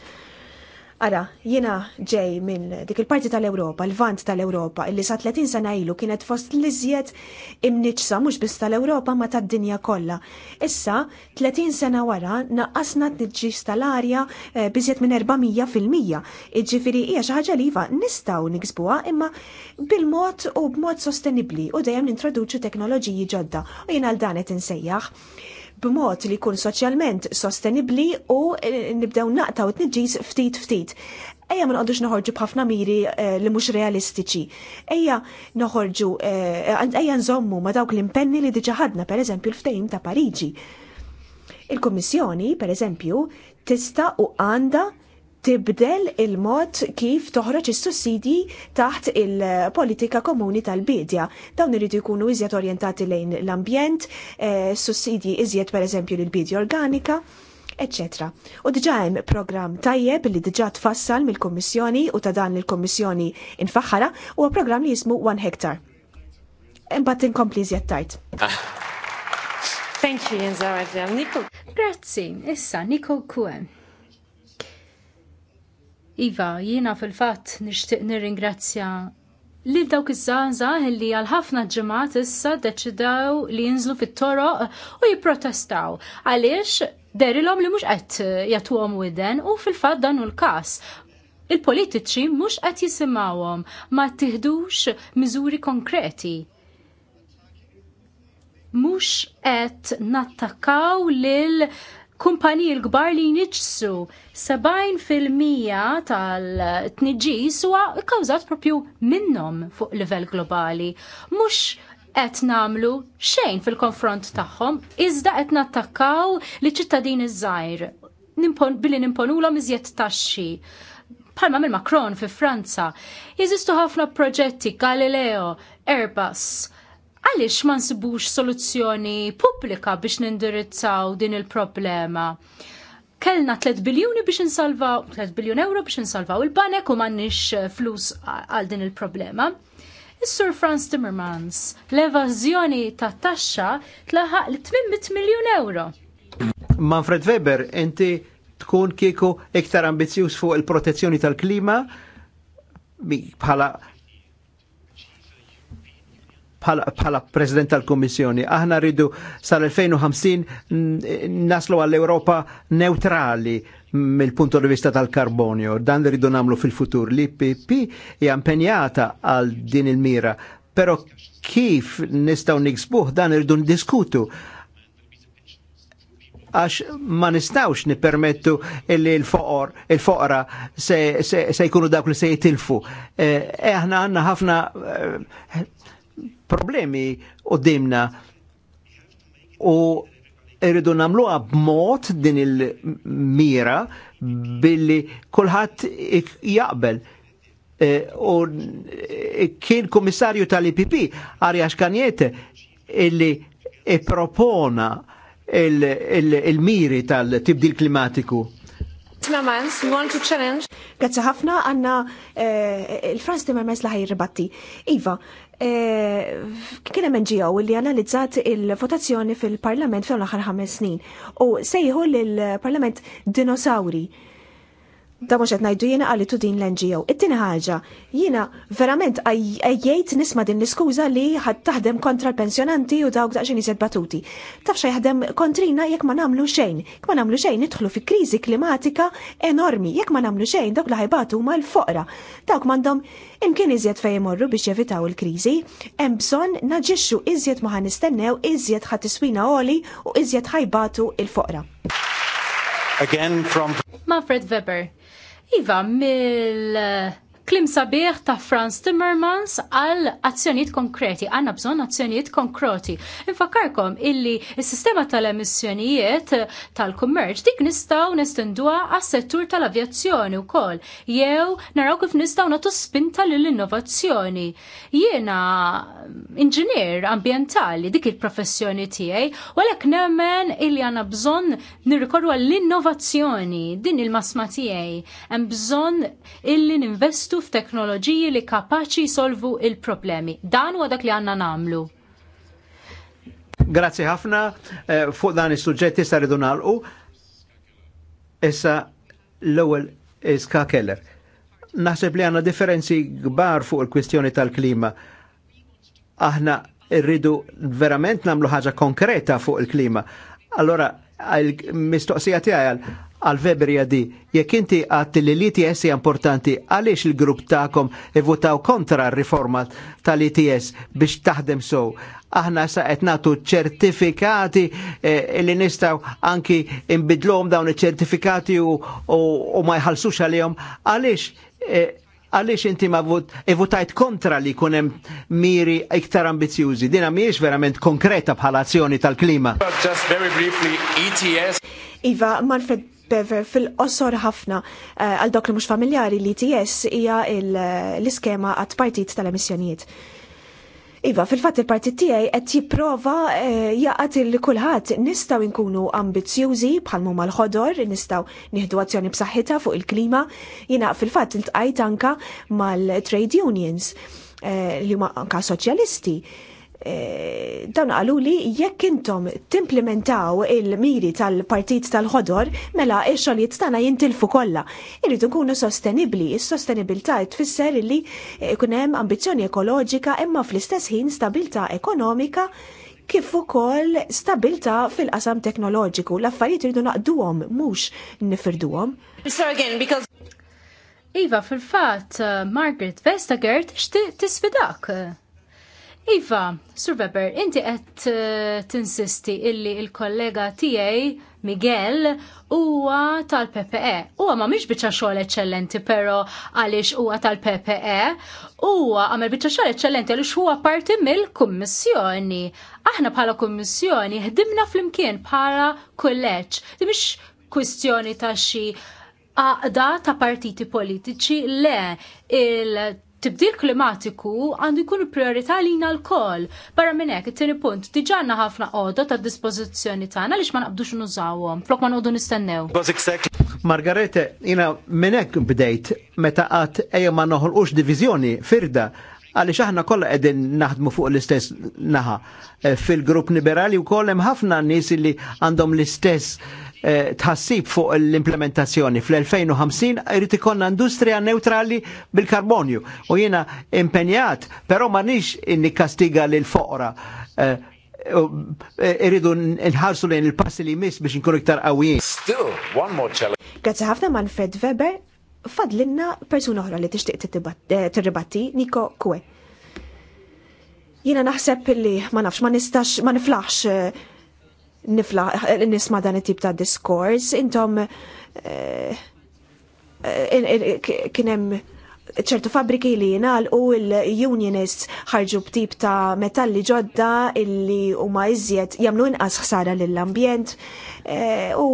Ara, jina ġej minn dik il-parti tal-Ewropa, l-vant tal-Ewropa, illi sa 30 sena ilu kienet fost l-iżjed imniċsa mhux biss tal-Ewropa ma tad-dinja kollha. Issa, 30 sena wara naqqasna t-nġis tal-arja eh, biżjed minn 400 fil-mija. Iġifiri, hija xi ħaġa liva nistgħu niksbuha imma bil-mod u b'mod sostenibbli u dejjem nintroduċu teknoloġiji ġodda u jina l dan qed insejjaħ b'mod li jkun soċjalment sostenibli u eh, nibdew naqtaw t-nġis ftit ftit. Ejja ma nqodux noħorġu b'ħafna miri eh, li mhux realistiċi. Ejja noħorġu, eh, ejja nżommu ma dawk l-impenni li diġa ħadna, pereżempju l-ftejm ta' Pariġi. Il-Kommissjoni, pereżempju, tista' u għandha tibdel il-mod kif toħroġ is-sussidji taħt il-politika komuni tal-bidja. Dawn iridu jkunu iżjed orjentati lejn l-ambjent, eh, sussidi sussidji iżjed pereżempju lill-bidja organika, etc. U diġa hemm programm tajjeb li diġa tfassal mill-Kummissjoni u ta' dan il-Kummissjoni infaħħara huwa programm li jismu One Hectare. Imbagħad inkompli iżjed tajt. Thank you, Nico, Grazie, issa Nico Kuen. Iva, jiena fil-fatt nixtieq nirringrazzja lil dawk iż-żgħażagħ li għal ħafna ġimgħat issa deċidaw li jinżlu fit-toroq u jipprotestaw għaliex derilhom li mhux qed jagħtuhom widen u fil-fatt dan hu l-każ. Il-politiċi mhux qed jisimgħuhom ma tiħdux miżuri konkreti. Mhux qed nattakkaw lil kumpaniji l-kbar li jniġsu 70% tal-tniġis huwa kkawżat propju minnhom fuq livell globali. Mhux qed namlu xejn fil-konfront tagħhom, iżda qed nattakkaw li ċittadini żgħir billi nimponulhom iżjed taxxi. Palma mill Macron fi Franza, jeżistu ħafna proġetti Galileo, Airbus, għaliex ma nsibux soluzzjoni pubblika biex nindirizzaw din il-problema? Kellna 3 biljoni biex nsalvaw, 3 biljon euro biex insalvaw il-banek u m'għandniex eh, flus għal din il-problema. Is-Sur Franz Timmermans, l-evażjoni ta' taxxa tlaħaq l-800 miljun euro. Manfred Weber, inti tkun kieku iktar ambizjuż fuq il-protezzjoni tal-klima bħala bħala President tal komissjoni Aħna rridu sal-2050 naslu għall-Europa neutrali mill-punto di vista tal-karbonio. Dan rridu namlu fil-futur. L-IPP hija impenjata għal din il-mira, pero kif nistaw niksbuħ dan rridu ndiskutu għax ma nistawx nipermettu illi l-foqor, il-foqra se, se, se jkunu dak li se jitilfu. Eħna eh, eh, għanna ħafna eh, problemi u dimna u irridu namluha b'mod din il-mira billi kulħadd jaqbel. E, u kien komissarju tal-IPP, Arias Xkanjete illi e propona il-miri tal-tibdil klimatiku. Timmermans, we want to challenge? Għazza ħafna, għanna eh, il-Franz Timmermans laħi ribatti. Iva, E, kien hemm NGO li analizzat il-votazzjoni fil-Parlament fl aħħar ħames snin u sejħu lill-Parlament dinosauri da mux għed najdu jena għalli tu din l-NGO. It-tini ħagġa, jena verament għajjajt nisma din l skuza li ħad taħdem kontra l-pensjonanti u dawk daqxin jizet batuti. Tafxa jaħdem kontrina jekk ma namlu xejn. Jek ma namlu xejn, idħlu fi krizi klimatika enormi. Jekk ma namlu xejn, dawk laħibatu ma l-foqra. Dawk mandom imkien iżjed fej morru biex jevitaw il-krizi. Hemm bżonn naġixxu iżjed maħan ħanistennew, iżjed ħatiswina oli u iżjed ħajbatu il-foqra. Again from Manfred Weber Iva, mill- klim sabiħ ta' Franz Timmermans għal azzjoniet konkreti, għanna bżon azzjoniet konkreti. Infakarkom illi il-sistema tal-emissjonijiet tal-kummerċ dik nistaw nestendua għas settur tal-avjazzjoni u kol, jew naraw kif nistaw natu spinta l-innovazzjoni. Jiena inġinier ambientali dik il-professjoni tiegħi, għalek nemmen illi għanna bżon nirrikorru l innovazzjoni din il-masma tiegħi, hemm bżon illi ninvestu ninvestu f'teknoloġiji li kapaċi jsolvu il-problemi. Dan huwa dak li għandna nagħmlu. Grazzi ħafna eh, fuq dan is sujġet jista rridu nagħlqu. Issa l ewel iska Keller. Naħseb li għandna differenzi kbar fuq il-kwistjoni tal-klima. Aħna rridu verament nagħmlu ħaġa konkreta fuq il-klima. Allora, il-mistoqsija tiegħi għal Weber di, jekk inti għatti li l-ITS hija importanti, għaliex il-grupp ta'kom votaw kontra r-riforma tal-ITS biex taħdem sow? Aħna sa qed nagħtu ċertifikati eh, li nistaw anki inbidlhom dawn iċ-ċertifikati u, u, u ma jħalsux għalihom. Għaliex eh, għalix inti ma votajt kontra li kunem miri iktar ambizjużi. Dina miex verament konkreta bħala azzjoni tal-klima. E iva, Manfred Bever fil-qosor ħafna eh, għal dok li mhux familjari li TS hija l-iskema għat partit tal-emissjonijiet. Iva, fil-fatt il-partit tiegħi qed jipprova eh, jaqat il kulħadd nistgħu nkunu ambizzjużi bħal mumma l-ħodor, nistgħu nihdu azzjoni b'saħħitha fuq il-klima, jina fil-fatt iltqajt anka mal-trade unions eh, li huma anka soċjalisti Eh, dan għalu li jekk intom timplementaw il-miri tal-partit tal-ħodor, mela il jittana jintilfu kolla. Irridu nkunu sostenibli, il-sostenibilta tfisser li eh, kunem ambizjoni ekoloġika imma fl-istess ħin stabilta ekonomika kif ukoll stabilta fil-qasam teknoloġiku. L-affarijiet irridu naqduhom mhux nifirduhom. Iva, fil-fat, Margaret Vestager xti tisfidak Iva, Sur Weber, inti qed eh, tinsisti illi il-kollega tiegħi Miguel huwa tal-PPE. Huwa ma miex biċċa xogħol eċċellenti, però għaliex huwa tal-PPE, huwa għamel biċċa xogħol eċċellenti għaliex huwa parti mill-Kummissjoni. Aħna bħala Kummissjoni ħdimna flimkien bħala kulleġġ. Di miex kwistjoni ta' xi ta' partiti politiċi, le il tibdil klimatiku għandu jkun priorità lina l-kol. Barra minn hekk, it-tieni punt, diġà għandna ħafna qodod tad dispożizzjoni tagħna għaliex ma naqbdux nużawhom, flok ma għodu nistennew. Margarete, jina minn hekk bdejt meta qatt eja ma noħolqux diviżjoni firda għaliex aħna kolla qegħdin naħdmu fuq l-istess naħa. Eh, fil-grupp liberali wkoll hemm ħafna nies li għandhom l-istess Eh, tħassib fuq l-implementazzjoni fl-2050 irrid ikonna industrija neutrali bil-karbonju. U jiena impenjat, però ma nix innikastiga l foqra. Eh, eh, irridu nħarsu lejn il-passi li jmiss biex nkunu iktar qawwijin. Still, one more challenge. Grazzi ħafna Manfred Weber, fadlinna persuna oħra li tixtieq tirribatti, Niko Kwe. Jiena naħseb li ma nafx, ma nistax, ma niflaħx nifla eh, nisma dan it-tip ta' diskors, intom eh, eh, kienem ċertu fabriki li jenal u l-unionists ħarġu b'tip ta' metalli ġodda illi huma iżjed jagħmlu inqas ħsara lill-ambjent u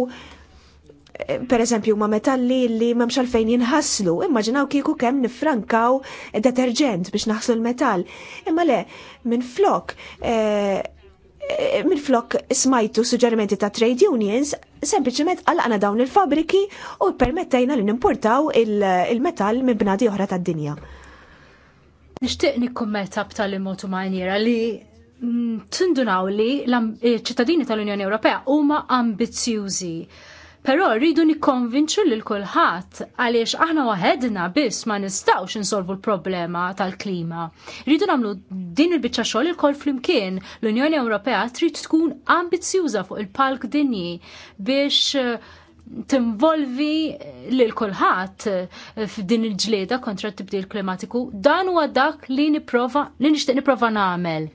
per eżempju ma metalli li memx għalfejn jinħaslu, immaġinaw kieku kem nifrankaw deterġent biex naħslu l-metall. Imma le, minn flok, Eh, minn flok smajtu suġġerimenti ta' trade unions, sempliciment għalqana dawn il-fabriki u permettajna li nimportaw il-metall minn bnadi oħra tad dinja Nishtiq nikkommenta b'tal motu maniera li mm, tindunaw li l eh, ċittadini tal-Unjoni Ewropea huma ambizzjużi Però rridu nikkonvinċu lil kulħadd għaliex aħna waħedna biss ma nistgħux insolvu l-problema tal-klima. Rridu nagħmlu din il-biċċa xogħol il flimkien. L-Unjoni Ewropea trid tkun ambizzjuża fuq il-palk dinji biex eh, tinvolvi lil kulħadd eh, f'din il-ġlieda kontra t-tibdil klimatiku. Dan huwa dak li nipprova li nixtieq nipprova nagħmel.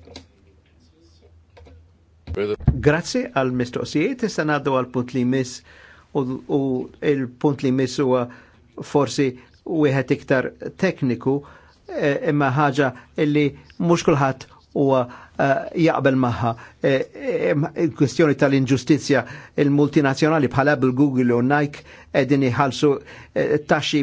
Grazzi għal mistoqsijiet, issa ngħaddu għal punt li miss u il-punt li jmiss forsi u wieħed iktar tekniku e, imma ħaġa illi mux kulħadd u e, jaqbel maħħa. Il-kwestjoni e, tal-inġustizja il multinazjonali bħal Apple, Google u Nike edin iħalsu eh, taxxi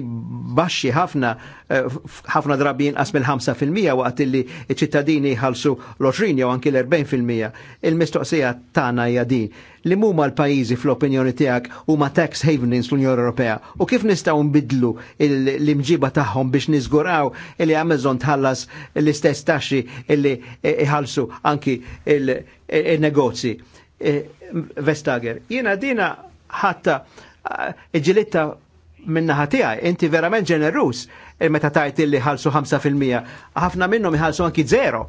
baxxi ħafna eh, ħafna drabin qas mill-5% waqt illi ċittadini jħalsu l-20 jew anki l-40%. Il-mistoqsija tagħna hija din. Li huma l-pajjiżi fl-opinjoni tiegħek huma tax havens l-Unjoni Ewropea u kif nistgħu nbidlu l-imġiba tagħhom biex niżguraw li Amazon tħallas l-istess taxxi li iħalsu anki il-negozji. Eh, Vestager, jiena dina ħatta Eh, iġilitta minnaħa tiegħi, inti verament ġenerus eh, meta tajt illi ħalsu 5%, ħafna minnhom ħalsu anki zero.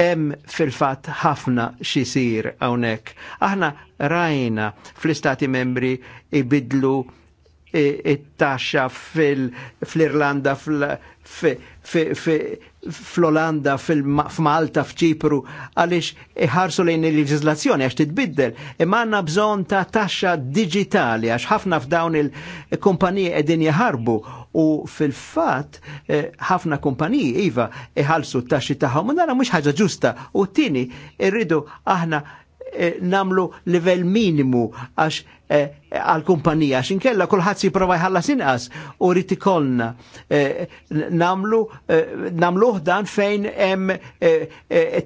Hemm fil-fatt ħafna xisir hawnhekk. Aħna rajna fl-istati membri ibidlu it-taxxa fl-Irlanda, fl-Olanda, f'Malta, f'Ċipru, għaliex iħarsu lejn il-leġizlazzjoni għax titbiddel. Imma għandna bżonn ta' taxxa digitali għax ħafna f'dawn il-kumpaniji qegħdin jaħarbu u fil-fatt eh, ħafna kumpaniji iva iħallsu t-taxxi tagħhom u mhux ħaġa ġusta u t-tieni rridu aħna Eh, namlu livell minimu għax eh, għal-kumpanija, għax inkella kullħat si prova jħallas sinqas u rriti kolna eh, namlu namlu uħdan fejn hemm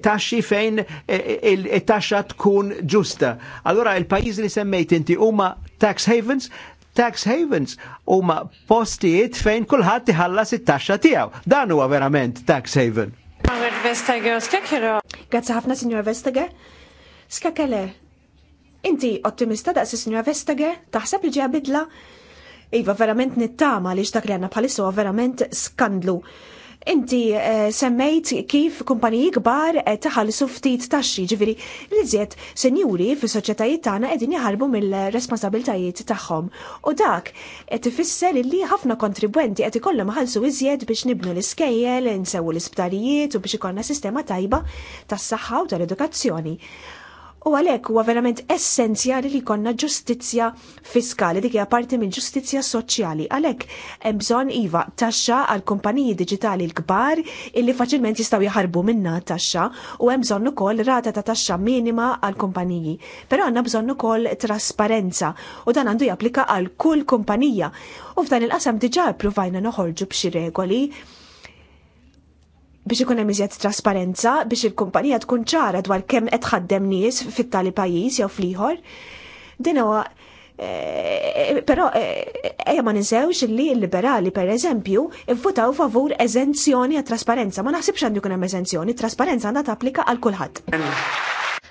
taxxi fejn il taxxa tkun ġusta. Allora il pajiz li semmejt inti huma tax havens, tax havens huma postijiet fejn kulħadd iħallas it-taxxa tiegħu. Dan huwa verament tax haven. Għazza ħafna, Sinjor Vestager. Skakele, inti ottimista daqs is-Sinjora Vestage, taħseb li ġeja bidla? Iva, verament nittama li ġtak li għanna palissa verament skandlu. Inti eh, semmejt kif kumpaniji kbar eh, taħalsu ftit taxxi ġifiri li ziet senjuri fis soċjetajiet tagħna qegħdin jaħarbu mill-responsabiltajiet tagħhom. U dak qed ifisser li ħafna kontribwenti qed ikollhom ħalsu iżjed biex nibnu l-iskejjel, insewu l-isptarijiet u biex ikollna sistema tajba tas-saħħa u tal-edukazzjoni. U għalhekk huwa verament essenzjali li jkollna ġustizzja fiskali, dik hija parti minn ġustizzja soċjali. Għalhekk hemm bżonn iva taxxa għal kumpaniji diġitali l-kbar illi faċilment jistgħu jaħarbu minna taxxa u hemm bżonn ukoll rata ta' taxxa minima għal kumpaniji. Però għandna bżonn ukoll trasparenza u dan għandu japplika għal kull kumpanija. U f'dan il-qasam diġà ppruvajna noħorġu b'xi regoli biex ikun hemm iżjed trasparenza biex il-kumpanija tkun ċara dwar kemm qed ħaddem nies fit-tali pajjiż jew fl-ieħor. Din huwa eh, però eh, ejja ma ninsewx li l-liberali pereżempju ivvutaw favur eżenzjoni għat trasparenza. Ma naħsibx għandu jkun hemm eżenzjoni, trasparenza għandha tapplika għal kulħadd.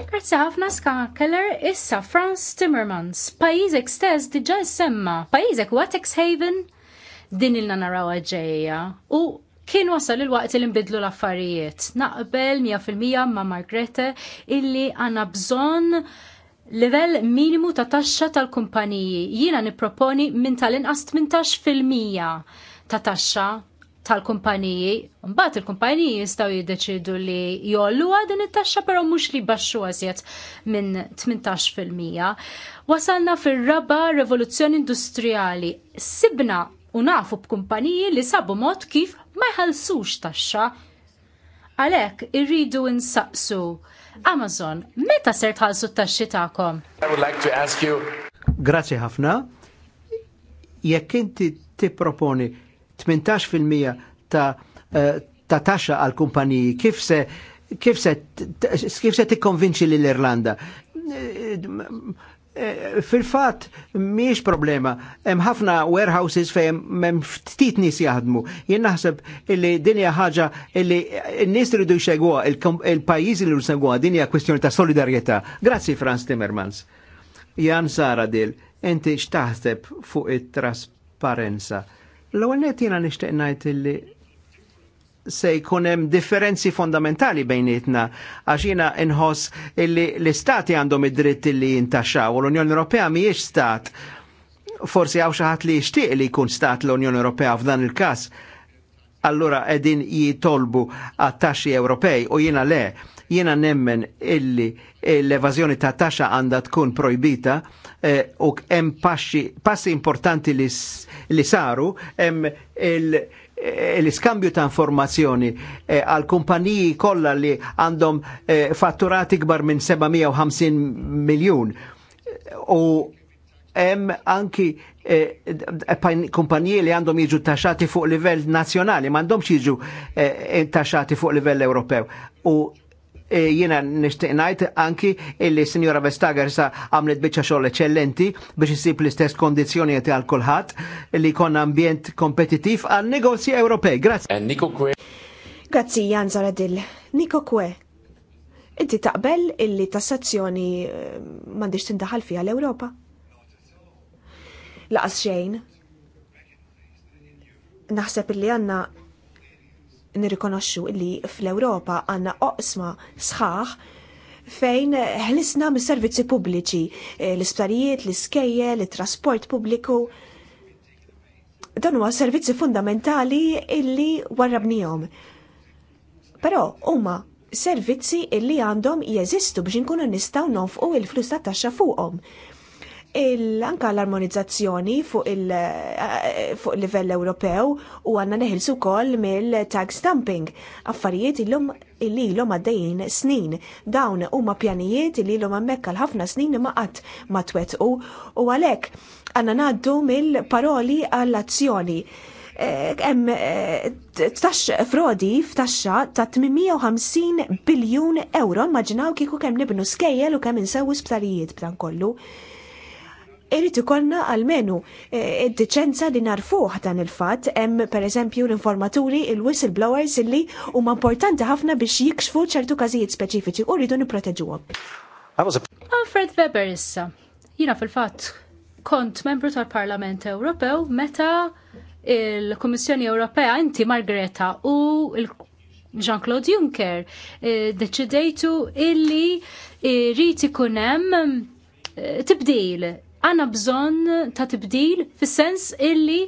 Grazie ħafna ska Keller issa Franz Timmermans. Pajjiżek stess diġà semma. Pajjiżek huwa Haven din il nanaraw ġejja. U kien wasal il-waqt li nbidlu l-affarijiet. Naqbel 100% ma' Margrethe illi għanna bżon livell minimu ta' taxxa tal-kumpaniji. Jiena nipproponi minn tal-inqas 18% ta' taxxa tal-kumpaniji. Mbagħad il-kumpaniji jistgħu jiddeċidu li jollu din it-taxxa però mhux li baxxu għażjed minn 18%. Wasalna fir-raba rivoluzzjoni industrijali. Sibna u nafu b'kumpaniji li sabu mod kif ma jħallsux taxxa. Għalhekk irridu insaqsu Amazon, meta ser tħallsu t-taxxi tagħkom? I would like to ask you. Grazzi ħafna. Jekk inti tipproponi 18% ta' eh, ta' taxxa għal kumpaniji kif se kif se kif se tikkonvinċi lill-Irlanda eh, Eh, fil-fat miex problema. Hemm ħafna warehouses fejn m'hemm ftit nies jaħdmu. Jien naħseb illi din hija ħaġa illi n-nies iridu jsegwa il-pajjiżi li jsegwa din hija kwestjoni ta' solidarjetà. Grazzi Franz Timmermans. Jan Sara Dil, inti x'taħseb fuq it-trasparenza. L-ewwel nett jiena nixtieq ngħid illi se jkun hemm differenzi fondamentali bejnietna għax jiena inħoss illi l-istati għandhom id-dritt illi jintaxxaw u l-Unjoni Ewropea mhijiex stat. Forsi hawn xi ħadd li jixtieq li jkun stat l-Unjoni Ewropea f'dan il-każ. Allura qegħdin jitolbu għat-taxxi Ewropej u jiena le jiena nemmen illi l-evażjoni ta' taxxa għandha tkun projbita eh, u hemm passi importanti li saru hemm il- Eh, l-iskambju ta' informazzjoni eh, għal kumpaniji kollha li għandhom eh, fatturati ikbar minn 750 miljun. U hemm anki kumpaniji li għandhom jiġu taxxati fuq livell nazzjonali, m'għandhomx jiġu taxxati fuq livell Ewropew. U E jiena nixtieq anki illi signora Vestager sa għamlet biċċa xogħol eċċellenti biex isib l-istess kondizzjonijiet għal kulħadd li jkollna ambjent kompetittiv għal negozji Ewropej. Grazzi. Eh, Grazzi Jan Zaradil. Niko Kwe. Inti taqbel illi tassazzjoni eh, m'għandix tindaħal fiha l-Ewropa? Laqas xejn. Naħseb illi għanna nirrikonoxxu li fl-Ewropa għandna oqsma sħaħ fejn ħlisna mis servizzi pubbliċi, eh, l-isptarijiet, l-iskejje, l-trasport pubbliku. Dan huwa servizzi fundamentali illi warrabnihom. Però huma servizzi illi għandhom jeżistu biex inkunu nistgħu nonfqu il-flus tat-taxxa fuqhom. Anka l-armonizzazzjoni fuq il-livell eh, Ewropew u għanna neħilsu kol mill-tag stamping, affarijiet illum illi l-om għaddejjin snin. Dawn huma pjanijiet illi l-om għammekka l-ħafna snin ma qatt ma twet u għalek għanna naddu mill-paroli għall-azzjoni. t eh, eh, tax frodi f'taxxa ta' 850 biljun euro, maġinaw kieku kemm nibnu skejjel u kemm insewu sptarijiet b'dan kollu irrid ikollna għalmenu e, id-deċenza li narfuh dan il-fatt hemm pereżempju l-informaturi il-whistleblowers illi huma importanti ħafna biex jikxfu ċertu każijiet speċifiċi u rridu nipproteġuhom. Alfred Weber issa. Jina fil-fatt kont membru tal-Parlament Ewropew meta il-Kummissjoni Ewropea inti Margreta u Jean-Claude Juncker e, deċidejtu illi e, rriti ikun hemm tibdil għanna bżon ta' tibdil fis-sens illi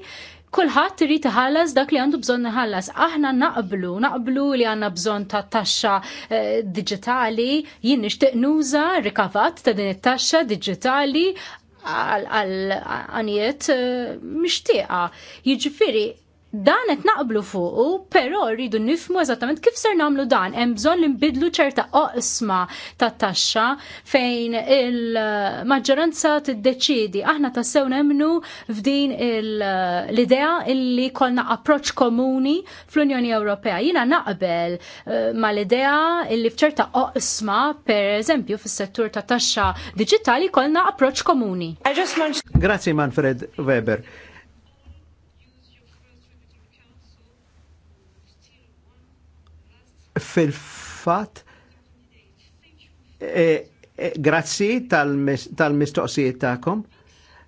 kulħadd irid iħallas dak li għandu bżonn iħallas. Aħna naqblu, naqblu li għandna bżonn ta' taxxa eh, digitali, jien nixtieq nuża rikavat ta' din it-taxxa diġitali għal għanijiet eh, mixtieqa. Jiġifieri dan qed naqblu fuqu, però rridu nifmu eżattament kif ser nagħmlu dan. Hemm bżonn li nbidlu ċerta oqsma ta' taxxa fejn il-maġġoranza tiddeċidi. Aħna tassew nemnu f'din l-idea illi kollna approċ komuni fl-Unjoni Ewropea. Jina naqbel eh, ma l-idea illi fċerta oqsma, per eżempju, fis-settur ta' taxxa diġitali kollna approċ komuni. Grazie Manfred Weber. fil-fat eh, eh, grazzi tal-mistoqsijiet tal ta'kom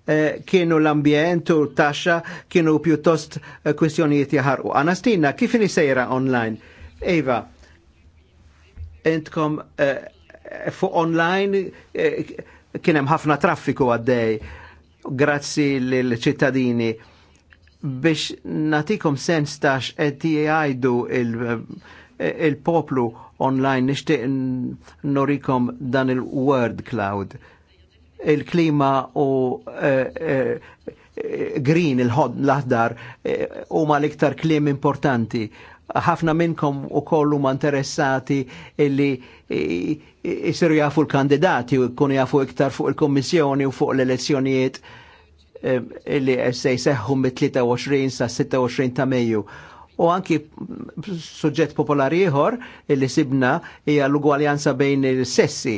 eh, kienu l-ambjent u taxxa kienu pjuttost kwistjonijiet jaħarqu. Anastina, kif nisejra online? Eva, entkom fuq online kienem ħafna traffiku għaddej, grazzi l-ċittadini biex natikom sens tax għeddi għajdu il- il-poplu online nixtieq norikom dan il-word cloud. Il-klima u eh, eh, green, il-ħod l-aħdar, eh, huma eh, l-iktar kliem importanti. Ħafna minnkom u kollu ma interessati illi jisiru jafu l-kandidati u kun jafu iktar fuq il-kommissjoni u fuq l-elezzjonijiet illi se jseħħu mit-23 sa 26 ta' Mejju u anki suġġett popolari ieħor li sibna hija l-ugwaljanza bejn il-sessi.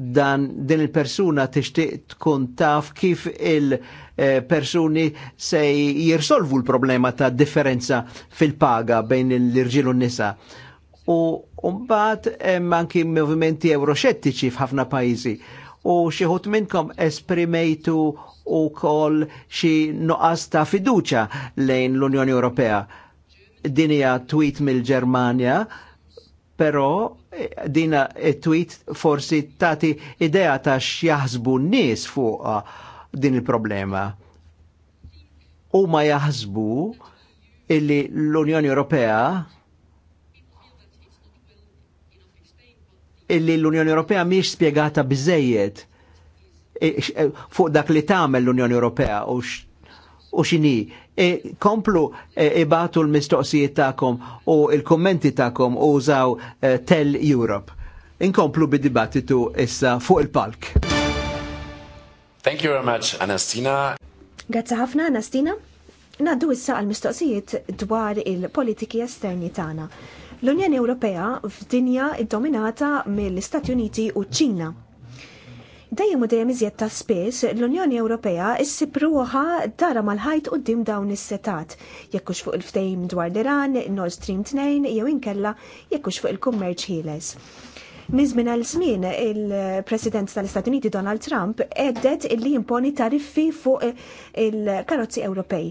Dan din il-persuna tixtieq tkun taf kif il-persuni se jirsolvu l-problema ta' differenza fil-paga bejn l-irġiel u nisa U mbagħad hemm anki movimenti euroxettiċi f'ħafna pajjiżi u xieħut minnkom esprimejtu u kol xie noqas ta' fiduċa lejn l-Unjoni Ewropea. Dinija tweet mill-Germania, pero eh, dina eh, tweet forsi tati idea ta' xjaħsbu n-nis fuq eh, din il-problema. U ma jaħsbu illi l-Unjoni Ewropea illi l-Unjoni Ewropea miex spiegata bizzejiet e, e, fuq dak li tagħmel l-Unjoni Ewropea u x'inhi xini. E, komplu e, ibatu e, l-mistoqsijiet tagħkom u l-kommenti tagħkom u użaw e, Tell Europe. Inkomplu bid-dibattitu issa fuq il-palk. Thank you very much, Anastina. Grazie ħafna, Anastina. Naddu issa għal mistoqsijiet dwar il-politiki esterni tagħna. L-Unjoni Ewropea f'dinja dominata mill-Istati Uniti u ċ-Ċina. Dejjem u dejjem iżjed ta' spess l-Unjoni Ewropea issipruha tara dara mal-ħajt qudiem dawn is-setat, jekk hux fuq il-ftehim dwar l-Iran, Nord Stream 2 jew inkella jekk hux fuq il-kummerċ ħieles. Mizmin għal żmien il-President tal-Istati Uniti Donald Trump għeddet illi jimponi tariffi fuq il-karozzi Ewropej.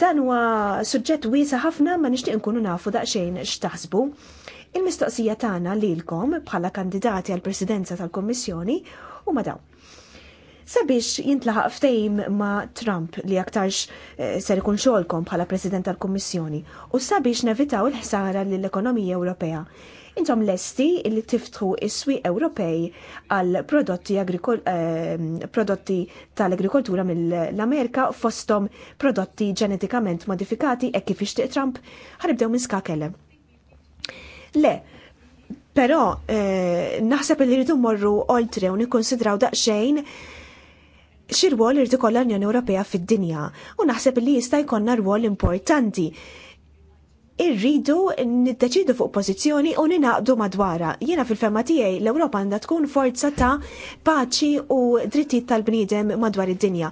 Dan huwa suġġett wiesa ħafna ma nixtieq nkunu nafu daqsxejn x'taħsbu. Il-mistoqsija tagħna lilkom bħala kandidati għall presidenza tal-Kommissjoni huma dawn sabiex jintlaħaq ftejm ma' Trump li aktarx eh, ser ikun xogħolkom bħala President tal kummissjoni u sabiex nevitaw il-ħsara lill ekonomija Ewropea intom lesti li tiftħu is-swi Ewropej għal prodotti, ehm, prodotti tal-agrikoltura mill-Amerika fostom prodotti ġenetikament modifikati e kif ixtieq Trump ħaribdew minn skakele. Le, però eh, naħseb li rridu morru oltre u nikkonsidraw daqsxejn xi rwol irid ikollha l-Unjoni Ewropea fid-dinja u naħseb li jista' jkollna rwol importanti irridu niddeċidu fuq pożizzjoni u ninaqdu madwara. Jiena fil-femma tiegħi l-Ewropa għandha tkun forza ta' paċi u drittijiet tal-bniedem madwar id-dinja.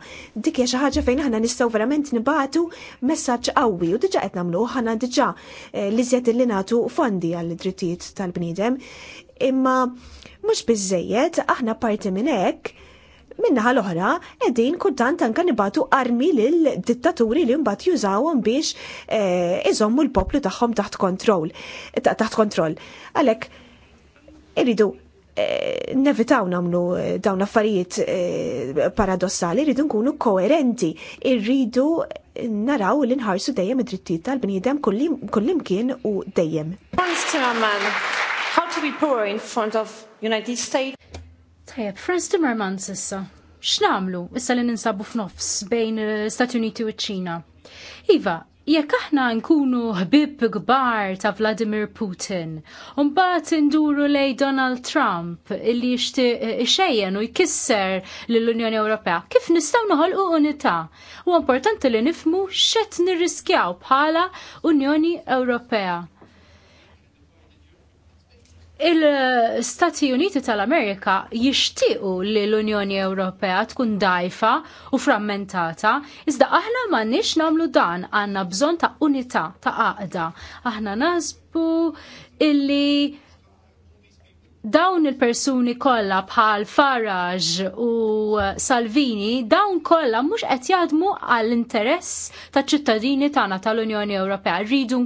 Dik hija xi ħaġa fejn aħna nistgħu verament nibatu messaġġ qawwi u diġà qed nagħmlu, ħana diġà eh, li żjed li nagħtu fondi għal drittijiet tal-bniedem. Imma mhux biżejjed aħna parti minn hekk minnaħal l-oħra, edin kultant anka nibatu armi lil dittaturi li mbagħad jużawhom biex eh, iżommu l-poplu tagħhom taħt kontroll. Eh, taħt kontrol. Għalhekk irridu eh, nevitaw namlu dawn affarijiet paradossali, irridu nkunu koerenti, irridu naraw li nħarsu dejjem id-drittijiet tal-bniedem kullimkien u dejjem. How to be poor in front of United States? Tajab, Franz Timmermans issa. X'namlu issa li ninsabu f'nofs bejn eh, Stati Uniti u ċ-Ċina? Iva, jekk aħna nkunu ħbib kbar ta' Vladimir Putin, mbagħad induru lej Donald Trump illi jixtieq eh, xejjen u jkisser lill-Unjoni Ewropea, kif nistgħu noħolqu unità? U importanti li nifmu x'qed nirriskjaw bħala Unjoni Ewropea il-Stati Uniti tal-Amerika jixtiequ li l-Unjoni Ewropea tkun dajfa u frammentata, iżda aħna m'għandniex nagħmlu dan għandna bżonn ta' unità ta' għaqda. Aħna nasbu illi dawn il-persuni kollha bħal Farage u Salvini, dawn kollha mhux qed jaħdmu għall-interess taċ ċittadini tagħna tal-Unjoni Ewropea. Rridu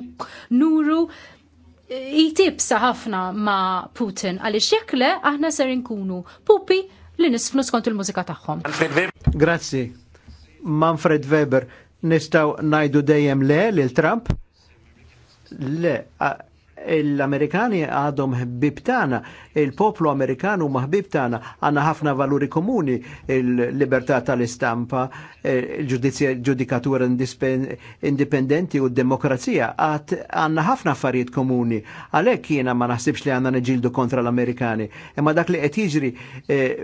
nuru jitibsa ħafna ma' Putin għaliex jekk le aħna ser nkunu pupi li nisfnu skont il-mużika tagħhom. Grazzi. Manfred Weber, nistaw najdu dejjem le lil Trump? Le, l-Amerikani għadhom ħbib tagħna, il-poplu Amerikanu ma tagħna, għanna ħafna valuri komuni, il-libertà tal-istampa, il-ġudikatura indipendenti u d-demokrazija, għanna ħafna affarijiet komuni. Għalek jiena ma naħsibx li għanna neġildu kontra l-Amerikani. Imma dak li qed jiġri eh,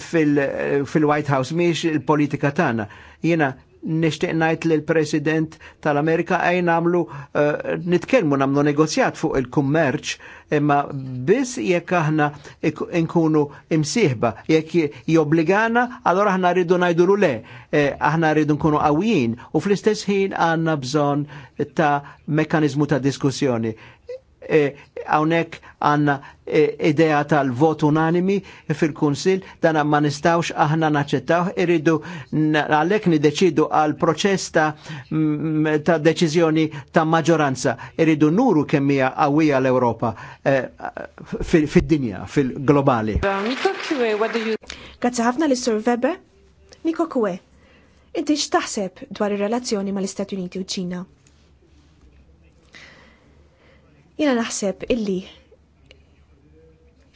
fil-White House miex il-politika tagħna. Jiena nishtiq najt li l-President tal-Amerika għaj namlu uh, eh, nitkelmu namlu negozjat fuq il-kummerċ imma biss jekk aħna nkunu imsieħba jekk jobbligana allora aħna rridu najduru le eh, aħna rridu nkunu għawijin u fl-istess ħin għanna bżonn ta' mekanizmu ta' diskussjoni Hawnhekk e, għanna għandna e, idea tal-vot unanimi fil-Kunsil dan ma nistawx aħna naċċettaw irridu għalhekk nideċidu għal proċess ta', ta deċiżjoni ta' maġġoranza. Irridu nuru kemm hija qawwija l europa e, fil fid-dinja, fil-globali. Grazzi ħafna l sur Weber. Niko Kwe, inti x'taħseb dwar ir-relazzjoni mal-Istati Uniti u Ċina? jina naħseb illi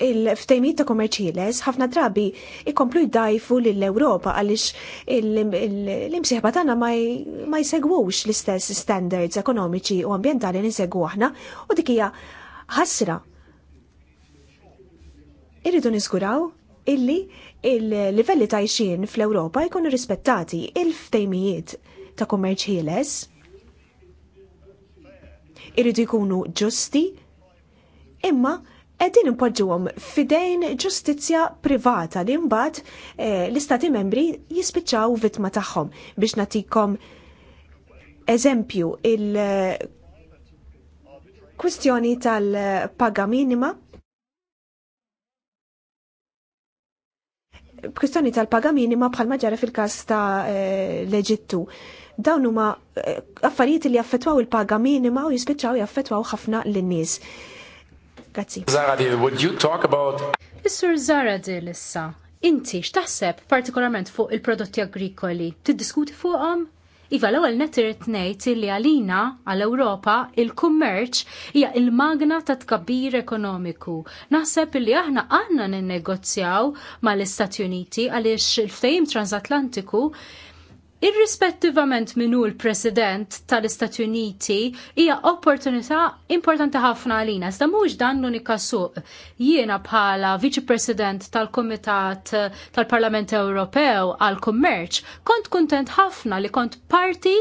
il ftejmijiet ta' komerċiles ħafna drabi ikomplu jdajfu l-Europa għalix l-imsieħba tagħna ma jsegwux l-istess standards ekonomiċi u ambientali nisegwu aħna u dik hija ħasra. Irridu niżguraw illi il-livelli ta' fl-Ewropa jkunu rispettati il-ftejmijiet ta' komerċiles iridu jkunu ġusti, imma qegħdin impoġġuhom fidejn ġustizzja privata li mbagħad eh, l-istati membri jispiċċaw vittma tagħhom biex natikom eżempju il- kwistjoni tal-paga minima. Kwistjoni tal-paga minima bħalma ġara fil każ ta' eh, l-Eġittu dawn huma eh, affarijiet li jaffetwaw il-paga minima u jispiċċaw jaffetwaw ħafna lin-nies. Grazzi. Zaradil, would you talk about Is-sur Zaradil issa, inti x'taħseb partikolarment fuq il-prodotti agrikoli? Tiddiskuti fuqhom? Iva l-ewwel irid ngħid li għalina għal Ewropa il-kummerċ hija il-magna ta' tkabbir ekonomiku. Naħseb li aħna għandna ninnegozjaw mal-Istati Uniti għaliex il-ftehim transatlantiku Irrispettivament minn hu l-President tal-Istati Uniti hija opportunità importanti ħafna għalina. Iżda mhux dan l-unika suq. Jiena bħala Viċi President tal-Kumitat tal-Parlament Ewropew għal kummerċ kont kuntent ħafna li kont parti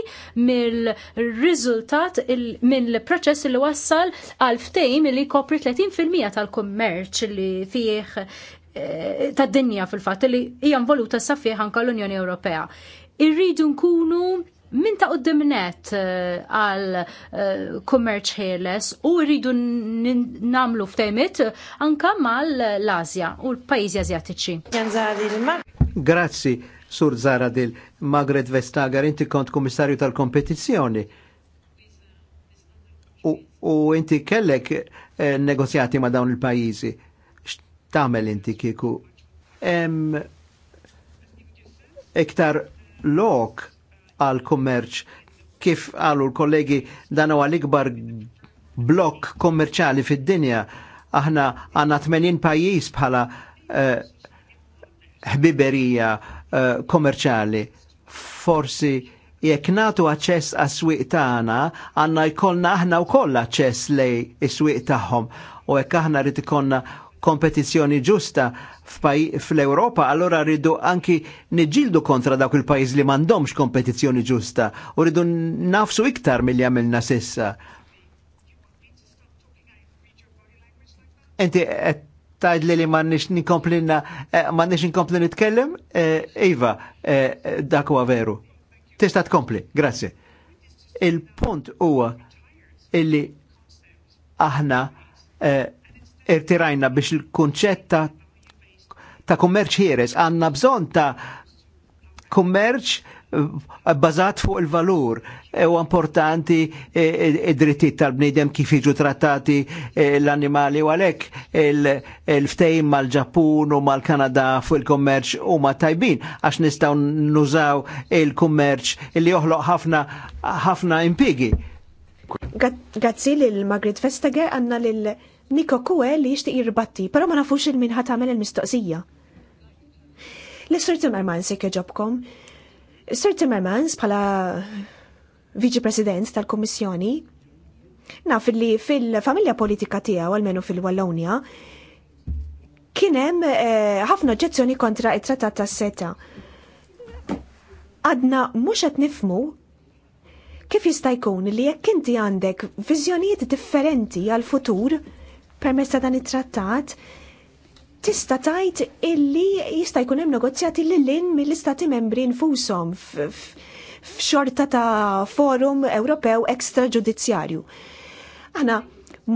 mill-riżultat l proċess li wassal għal ftejm li kopri 30% tal-kummerċ li fih eh, tad dinja fil-fatt li hija involuta sa fih anke l-Unjoni Ewropea irridu nkunu min ta' qoddimnet eh, għal eh, kummerċ ħeles u rridu namlu f'temit anka mal l-Azja u l-pajjiżi Azjatiċi. Grazzi, Sur Zara Dil Magret Vestager, inti kont komissarju tal-kompetizzjoni. U, u inti kellek eh, negozjati ma' dawn il-pajjiżi. X'tagħmel inti kieku? Iktar lok għal kummerċ kif għalu l-kollegi dan huwa l-ikbar blok kommerċali fid-dinja. Aħna għandna 80 pajjiż bħala eh, ħbiberija uh, eh, kommerċali. Forsi jekk natu aċċess għas swieq tagħna, għandna jkollna aħna wkoll aċċess lej is-swieq tagħhom. U jekk aħna rid ikollna kompetizzjoni ġusta fl-Europa, allora rridu anki neġildu kontra dawk il pajiz li mandomx kompetizzjoni ġusta u rridu nafsu iktar mill-li għamilna sissa. Enti tajd li li mannix nikomplina, eh, mannix nikomplina nitkellem? Eh, iva, eh, dak huwa veru. Tista' tkompli, grazie. Il-punt huwa illi aħna irtirajna biex il-kunċetta ta' kummerċ ħieres għanna bżon ta' kummerċ eh, bazat fuq il-valur. Eh, u importanti eh, id-drittijiet tal-bnidem kif jiġu trattati l-animali u għalek il-ftejn mal-ġappun u mal-Kanada fuq il-kommerċ u ma tajbin, għax nistaw nużaw il-kommerċ li joħloq ħafna ħafna impigi. Grazzi l-Margaret Festage għanna l Niko kue li jixtieq jirbatti, però ma nafux il min ħatamel il-mistoqsija. L-Sir Timmermans jek joġobkom. Sir Timmermans bħala Viċi President tal-Kummissjoni naf li fil-familja politika tiegħu għalmenu fil-Wallonja kienem eh, ħafna eh, oġġezzjoni kontra it-trattat tas seta Għadna mhux qed nifmu kif jista' jkun li jekk inti għandek viżjonijiet differenti għal futur permezz ta' dan it-trattat tista' tajt illi jista' jkun hemm negozjati lil lin mill-istati membri nfushom f'xorta ta' forum Ewropew ekstraġudizzjarju. Aħna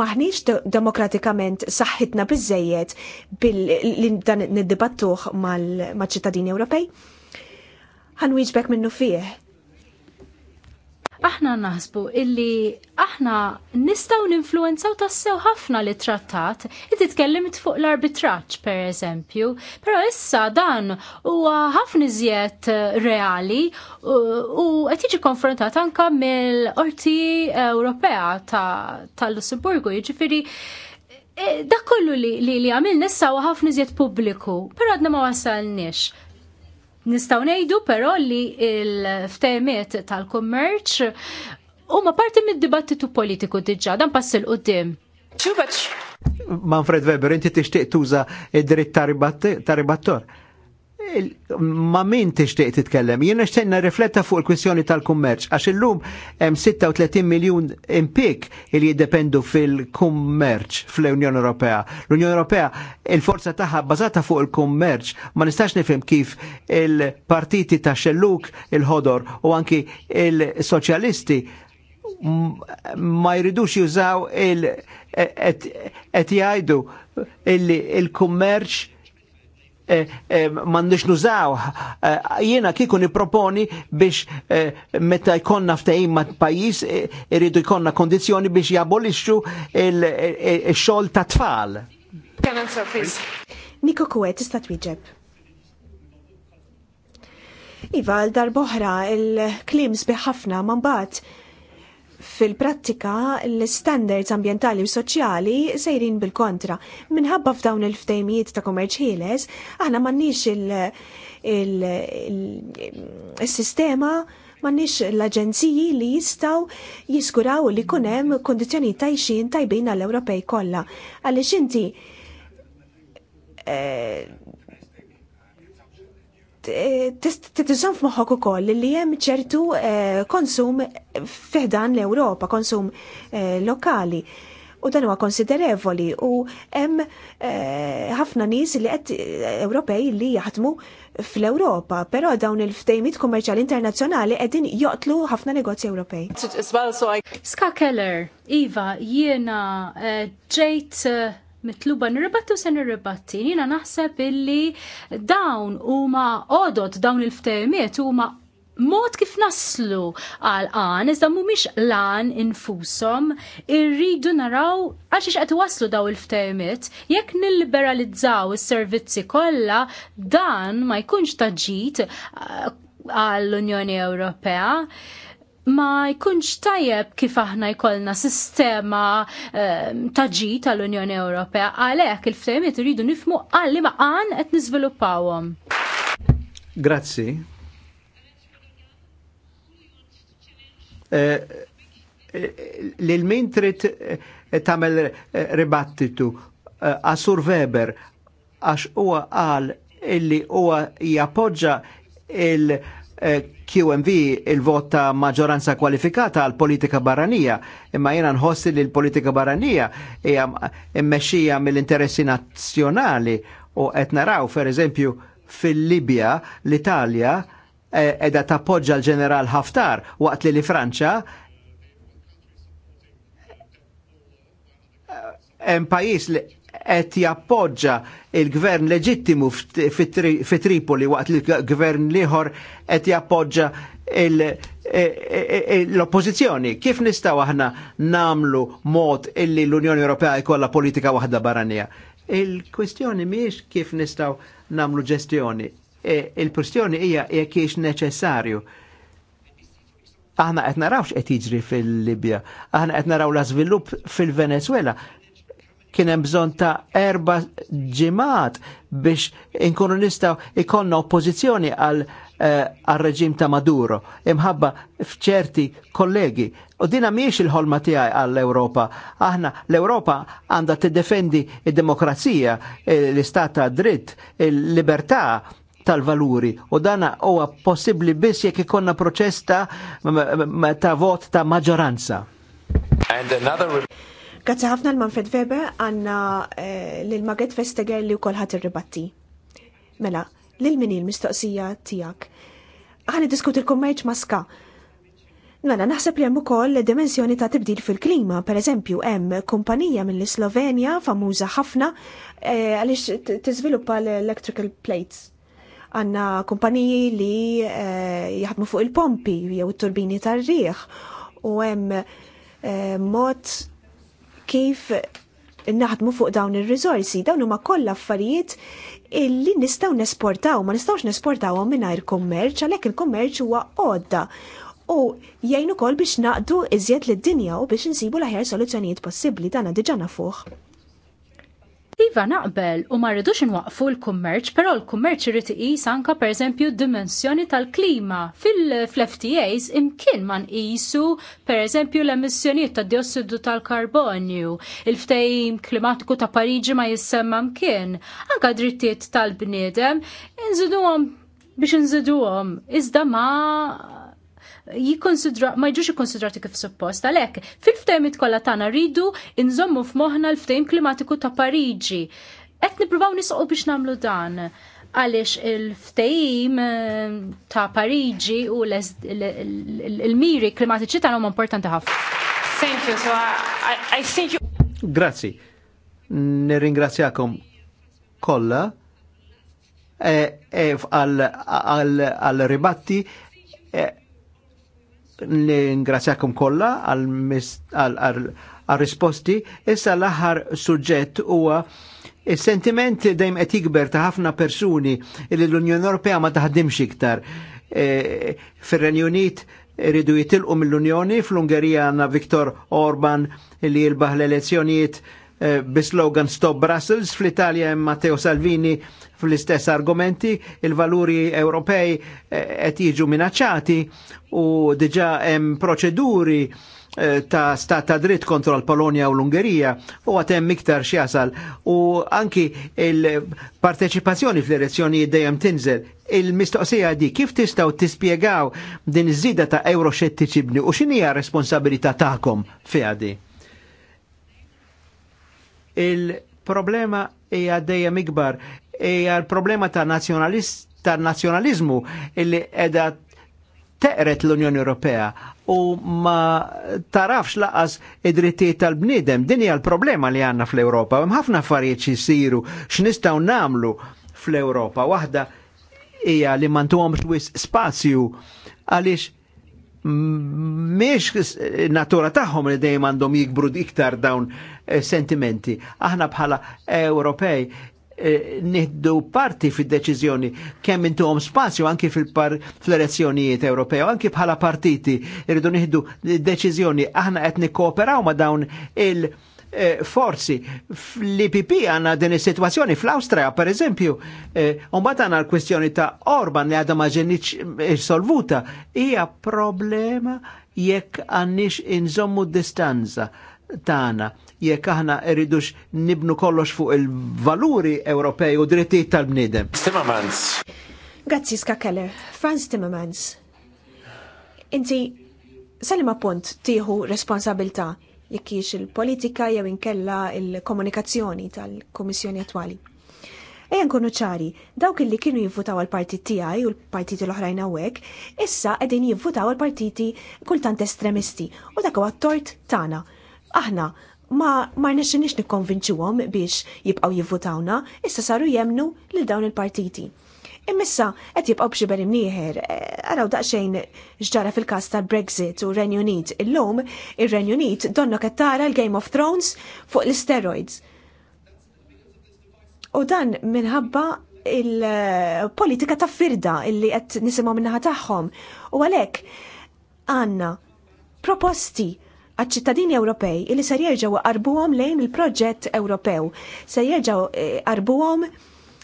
maħniċ demokratikament saħħitna bizzejiet bil-dan nid-dibattuħ mal-ċittadini Ewropej. Għanwiġbek minnu fieħ aħna naħsbu illi aħna nistaw ninfluenzaw tassew ħafna li trattat, it titkellem fuq l-arbitraċ per eżempju, pero issa dan huwa ħafna iżjed eh, reali u qed jiġi konfrontat anka mill-Qorti Ewropea tal-Lussemburgu, jiġifieri eh, da kollu li li għamil nissa u ħafna iżjed pubbliku, pero għadna ma wasalniex. Nistaw nejdu pero li il-ftemiet tal-kummerċ huma parti mid-dibattitu politiku diġà dan pass il qudiem Manfred Weber, inti tixtieq tuża id-dritt ta' ribattor ma min tixtieq titkellem. Jien nixtieq nirrifletta fuq il-kwistjoni tal-kummerċ għax illum hemm 36 miljun impik li jiddependu fil-kummerċ fl-Unjoni Ewropea. L-Unjoni Ewropea il-forza tagħha bbażata fuq il-kummerċ ma nistax nifhem kif il-partiti ta' xelluk il-ħodor u anki il-soċjalisti ma jridux jużaw il- qed jgħidu il-kummerċ Eh, eh, mandiċ nużaw. Eh, jiena kieku niproponi biex meta jkollna ftehim ma' pajjiż iridu jkollna kondizzjoni biex jabolixxu il-xogħol ta' tfal. Niko Kuwet tista' twieġeb. Iva, l-darboħra, il-klims biħafna man bat Fil-prattika, l-standards ambientali u soċjali sejrin bil-kontra. Minħabba f'dawn il-ftejmijiet ta' kummerċ ħieles, aħna m'għandniex il-sistema mannix l-aġenziji li jistaw jiskuraw li kunem kondizjoni tajxin tajbin għall-Ewropej kolla. Għalix inti eh, titżon f'moħħok ukoll li hemm ċertu eh, konsum fiħdan l-Ewropa, konsum eh, lokali. U dan huwa konsiderevoli u hemm eh, ħafna nies li qed Ewropej li jaħdmu fl-Ewropa, però dawn il-ftejmit kummerċjali internazzjonali qegħdin joqtlu ħafna negozji Ewropej. Ska Keller, Iva, jiena ġejt mitluba nirribatti u se nirribatti. Jina naħseb illi dawn huma odot dawn il u huma mod kif naslu għal għan, iżda mumiex lan infusom, irridu naraw għax qed waslu daw il-ftehmiet, jekk nilliberalizzaw is-servizzi kollha, dan ma jkunx taġġit uh, għall-Unjoni Ewropea ma jkunx tajjeb kif aħna jkollna sistema ehm, taġi tal-Unjoni Ewropea għalhekk il-ftehimiet iridu nifmu għalli maqan qed niżviluppawhom. Grazzi. Eh, eh, lil min trid eh, tagħmel ribattitu għasur Weber għax huwa qal illi huwa jappoġġa il- QMV il-vot ta' maġoranza kwalifikata għal politika barranija, imma jena nħossi li l-politika barranija hija mmexxija mill-interessi nazzjonali u qed naraw, per eżempju, fil-Libja l-Italja eh, edha tappoġġa l-ġeneral Haftar waqt li l-Franċa hemm pajjiż li qed jappoġġa il-gvern leġittimu fi Tripoli waqt li l-gvern liħor qed jappoġġa e, e, e, l-oppożizzjoni. Kif nistgħu aħna namlu mod illi l-Unjoni Ewropea jkollha politika waħda barranija? Il-kwestjoni miex kif nistgħu namlu ġestjoni. Il-kwestjoni hija jekk neċessarju aħna qed narawx qed jiġri fil-Libja, aħna qed naraw l-iżvilupp fil-Venezuela, kien hemm bżonn ta' erba' ġimgħat biex inkunu nistgħu ikollna oppożizzjoni għal eh, għal reġim ta' Maduro, imħabba fċerti kollegi. U dina miex il-ħolma tijaj għall europa Aħna l europa għanda t-defendi il demokrazija l-istat ta' dritt, il-libertà, tal-valuri u dana huwa possibli biss jekk ikonna proċesta ta' vot ta' maġġoranza. Another... Grazie ħafna l-Manfred Weber għanna eh, l-Maget Festegger li kolħat il ribatti Mela, l-mini l-mistoqsija tijak. Għani diskut il-kommerċ maska. Mela, naħseb li hemm ukoll dimensjoni ta' tibdil fil-klima, per eżempju, hemm kumpanija mill-Slovenja famuża ħafna eh, għaliex tiżviluppa l-electrical plates. Għanna kumpaniji li eh, jaħdmu fuq il-pompi jew t turbini tar-riħ u hemm mod kif naħdmu fuq dawn ir rizorsi dawn huma kollha affarijiet illi nistgħu nesportaw, ma nistgħux nesportawhom mingħajr kommerċ għalhekk il-kummerċ huwa għodda. U jgħin ukoll biex naqdu iżjed lid-dinja u biex insibu l-aħjar soluzzjonijiet possibbli Dana diġà nafuh. Iva naqbel u ma rridux nwaqfu l-kummerċ, però l-kummerċ irid iqis anke pereżempju d-dimensjoni tal-klima. Fil-FTAs imkien ma nqisu pereżempju l-emissjonijiet tad diossidu tal-karbonju, il-ftehim klimatiku ta' Pariġi ma jissemma mkien, anke drittijiet tal-bniedem, inżiduhom biex inżiduhom, iżda ma jikkonsidra ma jiġux ikkonsidrati kif suppost. Għalhekk, fil-ftehmit kollha tagħna rridu inżommu f'moħħna l-ftehim klimatiku ta' Pariġi. Qed nippruvaw nisqu biex nagħmlu dan għaliex il-ftejim eh, ta' Pariġi u l-miri klimatiċi ta' huma importanti ħafna. Thank you. So I, I think you... Grazzi. Nirringrazzjakom kolla eh, eh, għal ribatti Ningrazzjakom kollha għal risposti. Issa l-aħħar suġġett huwa is-sentiment dejjem qed jikber ta' ħafna persuni li l-Unjoni Ewropea ma taħdimx iktar. E, Fir-Renju Unit iridu jitilqu mill-Unjoni, fl-Ungerija għandna Viktor Orban li jilbaħ l-elezzjonijiet Eh, bi slogan Stop Brussels, fl-Italja hemm Matteo Salvini fl-istess argumenti, il-valuri Ewropej eh, qed jiġu minaċċati u diġà hemm proċeduri eh, ta' stat ta' dritt kontra l-Polonja u l-Ungerija u għatem miktar xjasal u anki il-parteċipazzjoni fl-elezzjoni dejjem tinżel. Il-mistoqsija di kif tistaw tispiegaw din iż-żida ta' euroxettiċibni u x'inhija responsabilità tagħkom fi għadi? Il-problema hija dejjem ikbar, hija l-problema ta' nazjonalist ta' nazjonalizmu illi qiegħda teqret l-Unjoni Ewropea u ma tarafx laqas id-drittijiet tal bniedem Din hija l-problema li għandna fl-Ewropa. Hemm ħafna affarijiet xi jsiru, x'nistgħu nagħmlu fl-Ewropa. Waħda hija li m'għandhomx wis spazju għaliex miex natura tagħhom li dejjem għandhom jikbru iktar dawn eh, sentimenti. Aħna bħala Ewropej eh, nieħdu parti fid-deċiżjoni kemm intuhom spazju anki fil-elezzjonijiet Ewropew, anki bħala partiti irridu nieħdu deċiżjoni aħna qed nikkooperaw ma' dawn il- Eh, forsi fl-IPP għanna din situazzjoni fl austria per eżempju, eh, unbat għanna l-kwestjoni ta' Orban li għadha ma eh, solvuta hija problema jekk għandix inżommu distanza tagħna jekk aħna rridux nibnu kollox fuq il-valuri Ewropej u drittijiet tal-bniedem. Timmermans. Grazzi Ska Keller. Franz Timmermans. Inti, salim appunt tieħu responsabilta' jekk hix il-politika jew inkella il-komunikazzjoni tal-Kummissjoni attwali. Ejja konu ċari, dawk li kienu jivvutaw għal-partit tiegħi u l-partiti l-oħrajn hawnhekk, issa qegħdin jivvutaw għal-partiti kultant estremisti u dak huwa tort tagħna. Aħna ma ma nix nikkonvinċuhom biex jibqgħu jivvutawna, issa saru jemnu lil dawn il-partiti. Immissa, qed jibqgħu b'xi berim nieħer, eh, araw daqsxejn xġara fil-każ tal-Brexit u Renju Unit illum, ir-Renju Unit donna qed tara l-Game of Thrones fuq l-steroids. U dan minħabba il-politika ta' firda illi qed nisimgħu minnaħa tagħhom. U għalhekk għandna proposti għal-ċittadini Ewropej illi ser jerġgħu qarbuhom lejn il-proġett Ewropew, se jerġgħu għarbuhom eh,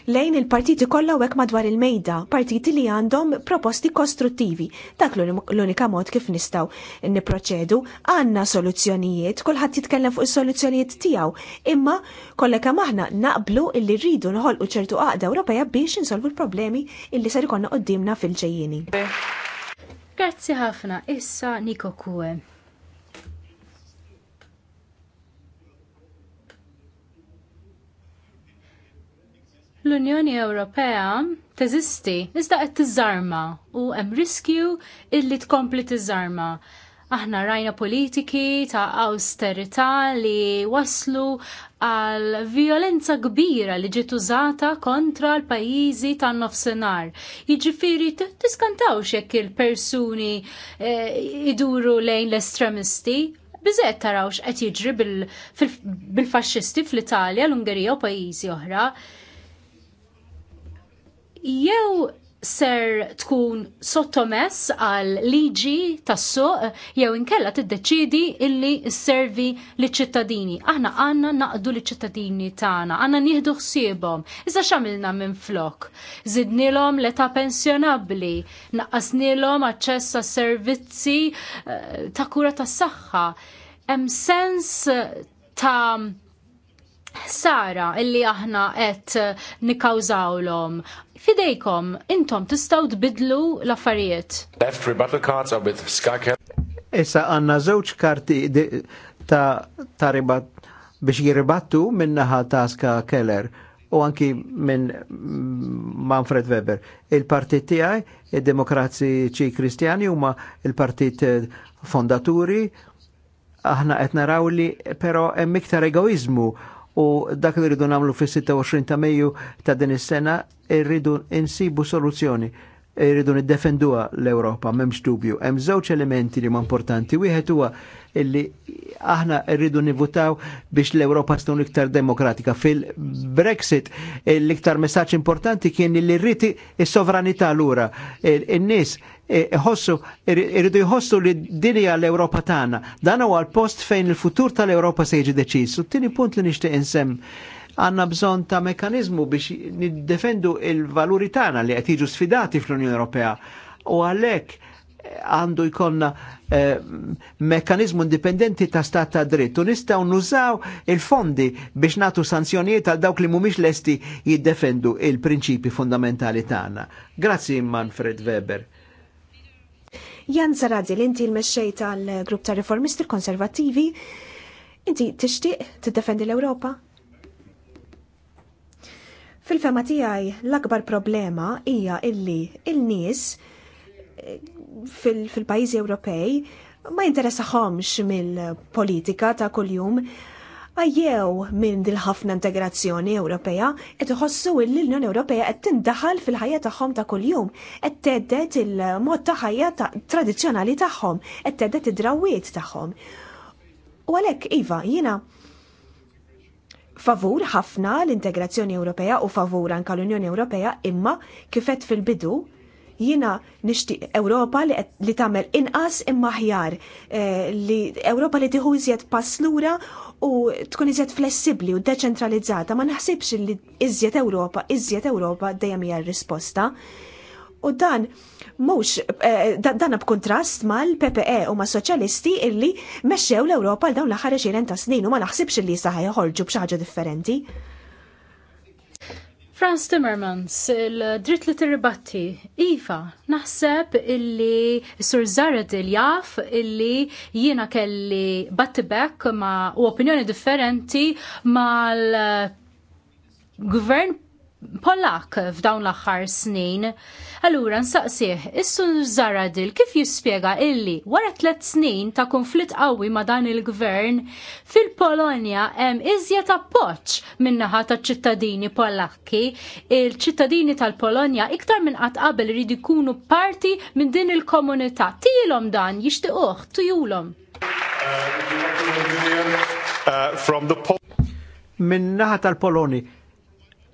lejn il-partiti kollha hekk madwar il-mejda, partiti li għandhom proposti kostruttivi. Dak l-unika mod kif nistgħu nipproċedu għandna soluzzjonijiet, kulħadd jitkellem fuq is-soluzzjonijiet tiegħu, imma kollha kemm aħna naqblu illi rridu nħolqu ċertu qaqda Ewropea biex insolvu l-problemi illi ser ikollna qudiemna fil-ġejjieni. Grazzi ħafna, issa Niko Kue. l-Unjoni Ewropea teżisti, iżda qed tiżarma u hemm riskju illi tkompli tiżarma. Aħna rajna politiki ta' austerità li waslu għal violenza kbira li ġiet użata kontra l-pajjiżi tan nofsinhar. Jiġifieri tiskantawx jekk il-persuni eh, iduru lejn l-estremisti, biżet tarawx qed jiġri bil-faxxisti fl-Italja, l-Ungerija u pajjiżi oħra, jew ser tkun sottomess għal liġi tas-suq jew inkella tiddeċidi illi servi liċ ċittadini Aħna għandna naqdu liċ ċittadini tagħna, għandna nieħdu ħsiebhom. Iżda x'għamilna minn flok? Zidnilhom l-età pensjonabbli, naqqasnielhom aċċess ta' servizzi eh, ta' kura tas-saħħa. Hemm sens ta' ħsara illi aħna qed nikkawżawlhom. Fidejkom, intom tistgħu tbidlu l-affarijiet. Left rebuttal cards are with Skycam. Issa għandna żewġ karti ta', ta ribat biex jirribattu minnaħa ta' Ska Keller u anki minn Manfred Weber. Il-partit tiegħi, id ċi Kristjani huma il-partit fondaturi, aħna qed naraw li però hemm iktar egoizmu u dak li rridu namlu fis-26 ta' Mejju ta' din is-sena rridu insibu soluzzjoni rridu niddefenduha l-Ewropa m'hemmx dubju. Hemm żewġ elementi li ma' importanti. Wieħed huwa illi aħna rridu nivutaw biex l-Europa tkun iktar demokratika. Fil-Brexit l-iktar messaċ importanti kien li rriti is-sovranità lura. in eh, Il-nis irridu jħossu li dinja l europa tagħna. Dan huwa l-post fejn il-futur tal europa se jiġi deċiż. U tieni punt li nixtieq insemm għanna bżon ta' mekanizmu biex niddefendu il-valuri tagħna li qed jiġu sfidati fl-Unjoni Ewropea. U għalhekk għandu jkonna eh, mekanizmu indipendenti ta' stat ta' dritt u nistaw nużaw il-fondi biex natu sanzjonijiet għal dawk li mumiex lesti jiddefendu il-prinċipi fundamentali tagħna. Grazzi Manfred Weber. Jan Zaradzi, l-inti l-mesċej tal-grupp ta' reformisti konservativi, inti tixtieq tiddefendi l-Ewropa? Fil-fema tiegħi l-akbar problema hija illi il-nies il nies fil-pajjiżi Ewropej ma jinteressaħomx mill-politika ta' kuljum għajjew minn dil-ħafna integrazzjoni Ewropea qed iħossu l l-Unjoni Ewropea qed tindaħal fil-ħajja tagħhom ta' kuljum, qed teddet il-mod ta' ħajja tradizzjonali tagħhom, et teddet id-drawwiet tagħhom. U għalhekk iva, jiena favur ħafna l-integrazzjoni Ewropea u favur anka l-Unjoni Ewropea imma kifet fil-bidu Jina nixtieq Ewropa li tagħmel inqas imma ħjar, eh, li Ewropa li tieħu iżjed paslura u tkun iżjed flessibbli u deċentralizzata, ma naħsibx li iżjed Ewropa, iżjed Ewropa dejjem hija r-risposta. U dan mhux eh, dan b'kuntrast mal-PPE u ma' soċjalisti illi mexxew l-Ewropa l dawn l-aħħar 20 ta' snin u ma naħsibx li saħħa joħorġu b'xi ħaġa differenti. Franz Timmermans, il-dritt li tirribatti, Iva, naħseb illi Sur Zared il-jaf illi jiena kelli battibek ma u opinjoni differenti mal gvern Pollak f'dawn l-aħħar snin. Allura nsaqsih, issu Zaradil kif jispjega illi wara tliet snin ta' konflitt qawwi ma' dan il-gvern fil-Polonja hemm iżjed appoġġ min-naħa taċ ċittadini Pollakki, il-ċittadini tal-Polonja iktar minn qatt qabel iridu jkunu parti minn din il-komunità. Tilhom dan jixtiequh, tujulhom. Uh, min-naħa tal-Poloni,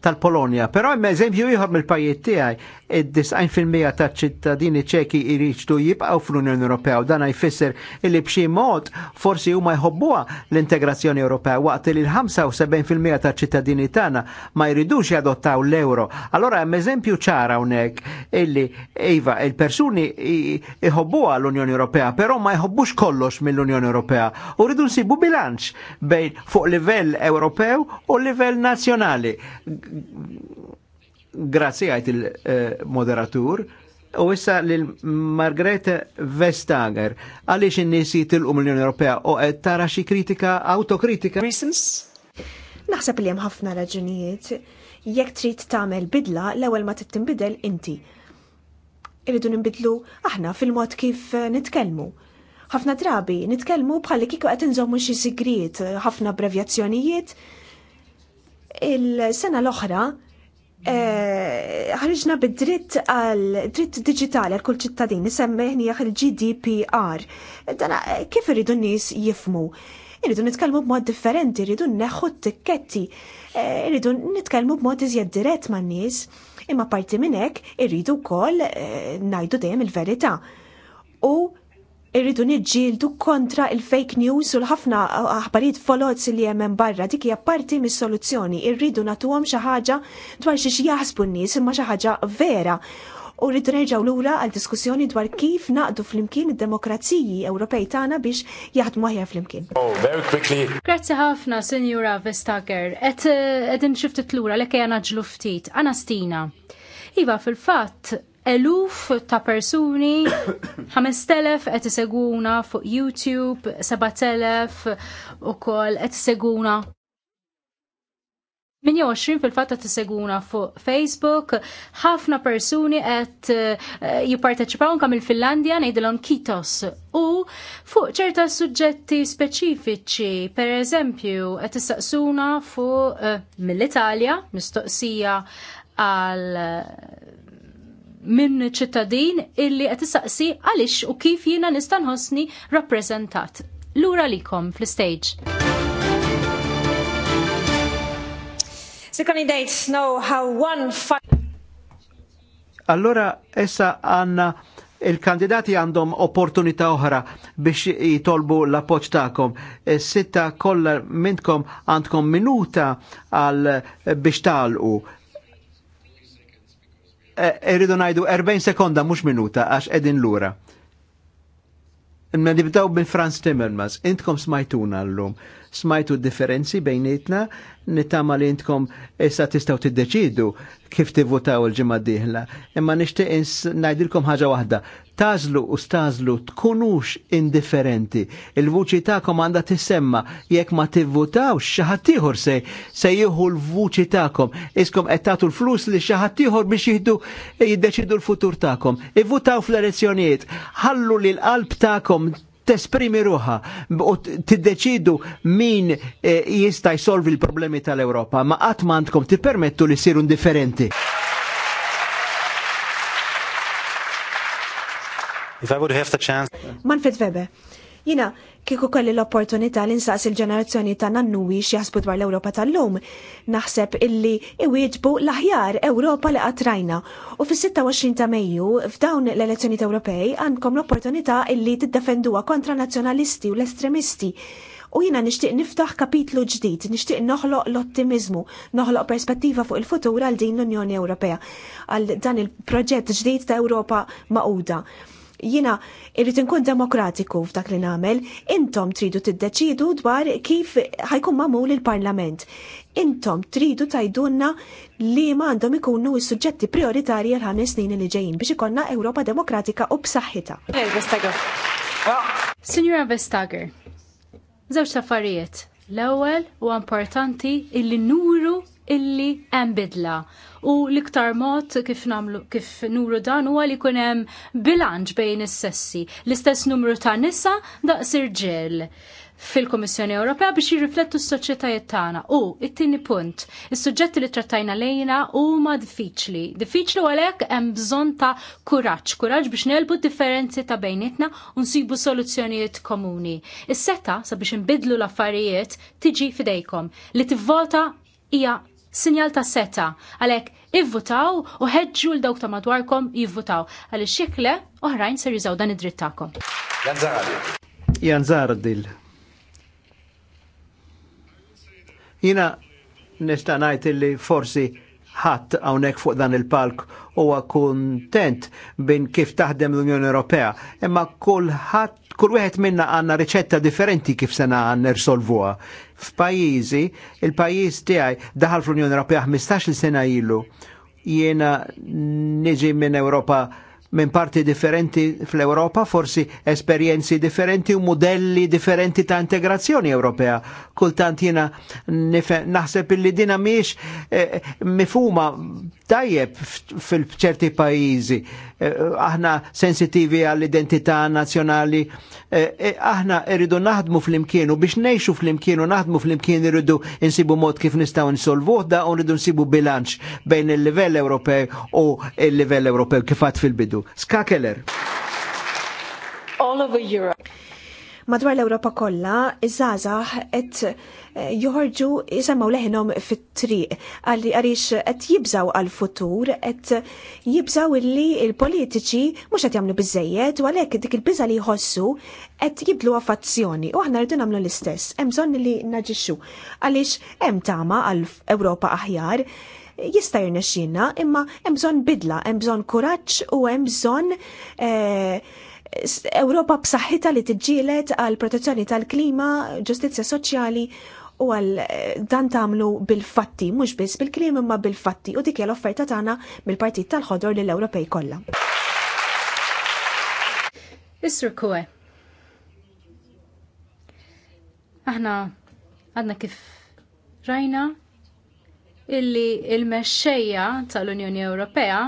tal-Polonja. Però hemm eżempju ieħor mill pajiet tijaj, id-90% ta' ċittadini ċeki jriġdu jibqgħu fl-Unjoni Ewropea u dan jfisser li b'xi mod forsi huma jħobbuha l-integrazzjoni Ewropea waqt li 75 ta' ċittadini tagħna ma jridux jadottaw l-euro. Allora hemm eżempju ċara hawnhekk illi iva il-persuni jħobbuha l-Unjoni Ewropea, però ma jħobbux kollox mill-Unjoni Ewropea. U rridu nsibu bilanċ bejn fuq livell Ewropew u livell nazzjonali Grazzi għajt il-moderatur. U issa lil Margrethe Vestager, għaliex in-nies jitilqu l unjoni Ewropea u qed tara xi kritika autokritika. Reasons? Naħseb li hemm ħafna raġunijiet. Jekk trid tagħmel bidla, l-ewwel ma tittinbidel inti. Irridu nbidlu aħna fil-mod kif nitkellmu. Ħafna drabi nitkellmu bħalli kieku qed inżommu xi sigrijiet ħafna abbrevjazzjonijiet, Il-sena l-oħra eh, ħarġna bid-dritt għal dritt digitali għal kull ċittadini semmeħni għal GDPR. Dana eh, kif irridu n-nies jifmu? Irridu nitkellmu b'mod differenti, irridu neħu t-tikketti, eh, irridu nitkellmu b'mod iżjed dirett man nies imma parti minn hekk irridu wkoll ngħidu dejjem il-verità. U irridu niġġieldu kontra il-fake news u l-ħafna aħbarijiet folots li hemm barra dik hija parti mis-soluzzjoni. Irridu nagħtuhom xi ħaġa dwar xi jaħsbu n-nies imma xi ħaġa vera. U rridu nerġgħu lura għal diskussjoni dwar kif naqdu flimkien id-demokraziji Ewropej tagħna biex jaħdmu aħjar flimkien. Oh, very quickly. Grazzi ħafna, Sinjura Vestager. Qed qegħdin eh, xi lura lekk ejja naġlu ftit. Anastina. Iva fil-fatt eluf ta' persuni, 5000 qed iseguna fuq YouTube, 7000 ukoll qed iseguna 28 fil-fatt qed iseguna fuq Facebook, ħafna persuni qed eh, jipparteċipaw kam mill-Finlandja ngħidilhom kitos u fuq ċerta suġġetti speċifiċi, per eżempju, qed issaqsuna fuq eh, mill-Italja, mistoqsija għal eh, minn ċittadin illi qed issaqsi għaliex u kif jiena nista' nħossni rappreżentat. Lura likom fl istage Allura issa know how one Allora essa il-kandidati għandhom opportunità oħra biex jitolbu l appoġġ tagħkom. E sitta kollha minnkom għandkom minuta għal biex talqu Eh, irridu ngħidu 40 sekonda mhux minuta għax qegħdin lura. Nibdaw minn Franz Timmermans, intkom smajtuna l-lum, smajtu differenzi bejnietna, nittama li intkom issa tistaw tiddeċidu kif tivvotaw il-ġimma diħla. Imma nishtiq najdilkom ħaġa waħda, tażlu u stażlu tkunux indifferenti. Il-vuċi tagħkom għandha tisemma jekk ma tivvutawx xi ħadd ieħor se se jieħu l-vuċi tagħkom. Iskom qed tagħtu l-flus li xi ħadd ieħor biex jieħdu jiddeċidu l-futur tagħkom. Ivvutaw fl-elezzjonijiet, ħallu li l-qalb tagħkom tesprimi ruħa u tiddeċidu min eh, jista' jsolvi l-problemi tal-Ewropa, ma qatt m'għandkom tippermettu li siru indifferenti. If I would have the chance. Manfred Weber, jina, kieku kelli l-opportunità li nsaqs il-ġenerazzjoni ta' nannuwi xjaħsbu dwar l-Ewropa tal-lum. Naħseb illi iwieġbu l-aħjar Ewropa li qatrajna. U fis-26 ta' Mejju, f'dawn l-elezzjoni Ewropej, għandkom l-opportunità illi t-defenduwa kontra nazzjonalisti u l-estremisti u jina nishtiq niftaħ kapitlu ġdid, nishtiq noħloq l-ottimizmu, noħloq perspettiva fuq il-futur għal din l-Unjoni Ewropea, għal dan il-proġett ġdid ta' Ewropa maquda jina irrit nkun demokratiku f'dak li nagħmel, intom tridu tiddeċidu dwar kif ħajkun magħmul il-Parlament. Intom tridu tajdunna li mandom ikunu s-suġġetti prioritarji għal ħames snin li ġejjin biex ikonna Ewropa demokratika u b'saħħitha. Ah. Signora Vestager, żewġ affarijiet. L-ewwel u importanti illi nuru illi hemm bidla. U l-iktar mod kif namlu kif nuru dan huwa li jkun hemm bilanċ bejn is-sessi, l-istess numru ta' nisa daqs irġiel fil-Komissjoni Ewropea biex jirriflettu s-soċjetajiet tagħna. U it-tieni punt, is-suġġetti li trattajna lejna huma diffiċli. Diffiċli u għalhekk hemm bżonn ta' kuraġġ, kuraġġ biex nelbu differenzi ta' bejnietna u nsibu soluzzjonijiet komuni. Is-seta sabiex inbidlu l-affarijiet tiġi fidejkom li tivvota hija sinjal ta' seta għalhekk ivvutaw u ħeġġu l dawk ta' madwarkom jivvutaw għaliex xikle oħrajn ser jizaw dan id drittakom Jan Zardil. Jina nista' ngħid illi forsi ħadd hawnhekk fuq dan il-palk huwa kuntent bin kif taħdem l-Unjoni Ewropea, imma kulħadd kull wieħed minna għandna riċetta differenti kif se nirsolvuha. F'pajjiżi, il-pajjiż tiegħi daħal fl-Unjoni Ewropea 15-il sena ilu. Jiena niġi minn Ewropa minn parti differenti fl-Europa, forsi esperienzi differenti u modelli differenti ta' integrazzjoni Ewropea. Kultant jina naħseb illi dina miex eh, mifuma tajjeb fil-ċerti pajizi. Eh, eh, aħna sensitivi għall-identità nazjonali, eh, aħna irridu naħdmu fl-imkienu biex ngħixu fl-imkienu, naħdmu fl-imkien irridu insibu mod kif nistaw insolvuh da u rridu nsibu bilanċ bejn il-livell Ewropew u il-livell Ewropew kifat fil-bidu. Skakeler. All over Europe madwar l-Ewropa kollha iż żazax qed eh, joħorġu jisemmaw leħinhom fit-triq għalli għaliex qed jibżaw għall-futur, qed jibżaw illi l-politiċi mhux qed jagħmlu biżejjed u għalhekk dik il-biża li jħossu qed jibdlu affazzjoni u aħna rridu nagħmlu l-istess. Hemm bżonn li naġixxu għaliex hemm tama għall-Ewropa aħjar jista' jirnexxinna, imma hemm bżonn bidla, hemm bżonn kuraġġ u hemm bżonn eh, Ewropa b'saħħitha li tiġġieled għal protezzjoni tal-klima, ġustizzja soċjali u għal eh, dan tagħmlu bil-fatti, mhux biss bil-kliem imma bil-fatti u dik hija l-offerta tagħna mill-Partit tal-Ħodor lill ewropej kollha. Isru Kue. Aħna għadna kif rajna illi il-mexxejja tal-Unjoni Ewropea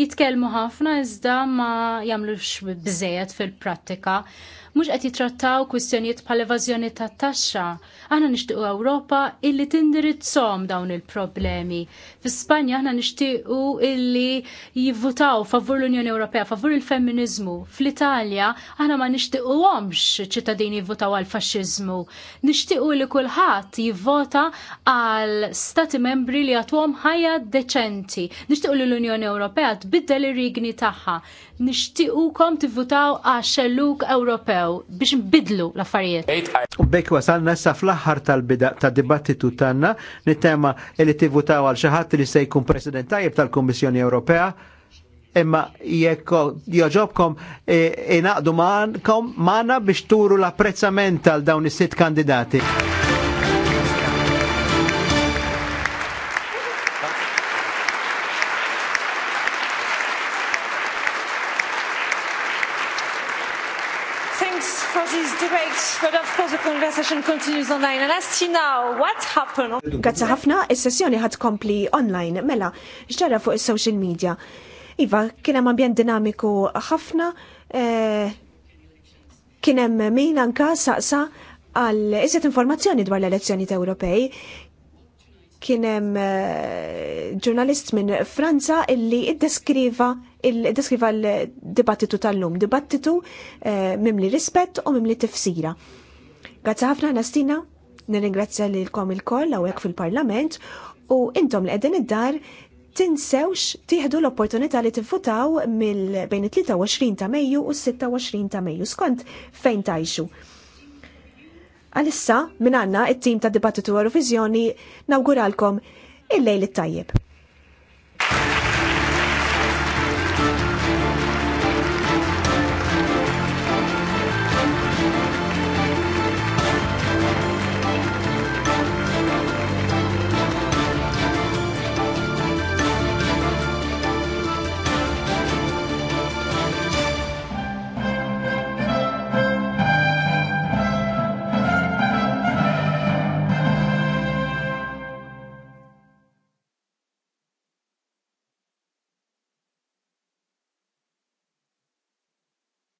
jitkellmu ħafna iżda ma jagħmlux bżejjed fil-prattika mhux qed jitrattaw kwistjonijiet pal evażjoni tat taxxa. Aħna nixtiequ Ewropa illi tindirizzhom dawn il-problemi. Fi Spanja aħna nixtiequ illi jivvutaw favur l-Unjoni Ewropea, favur il-femminizmu. Fl-Italja aħna ma nixtiequhomx ċittadini jivvutaw għal faxxiżmu. Nixtiequ li kulħadd jivvota għal stati membri li għatwom ħajja deċenti. Nixtiequ li l-Unjoni Ewropea tbiddel ir-rigni tagħha. kom tivvutaw għax xelluk Ewropea. Ewropew biex nbidlu l-affarijiet. U bekk wasalna issa fl-aħħar tal-bida ta' dibattitu tagħna nittema li tivutaw għal xi ħadd li se jkun President tajjeb tal-Kummissjoni Ewropea imma jekk joġobkom e, inaqdu mana biex turu l-apprezzament tal dawn is-sitt kandidati. session continues online. And as you know what happened? Grazzi ħafna, is-sessjoni ħad kompli online, mela, ġara fuq is-social media. Iva, kien hemm ambjent dinamiku ħafna, eh, kien hemm min anka saqsa għal iżet informazzjoni dwar l-elezzjoni Ewropej, kien hemm eh, ġurnalist minn Franza illi iddeskriva iddeskriva l-dibattitu tal-lum, dibattitu eh, mimli rispett u mimli tifsira. Grazie ħafna Nastina, nirringrazzja lilkom il-koll hawnhekk fil-Parlament u intom li qegħdin id-dar tinsewx tieħdu l-opportunità li tifutaw mill bejn it-23 ta' Mejju u s-26 ta' Mejju skont fejn tajxu. Għalissa minn għandna it-tim ta' Dibattitu Euroviżjoni nawguralkom il-lejl it-tajjeb.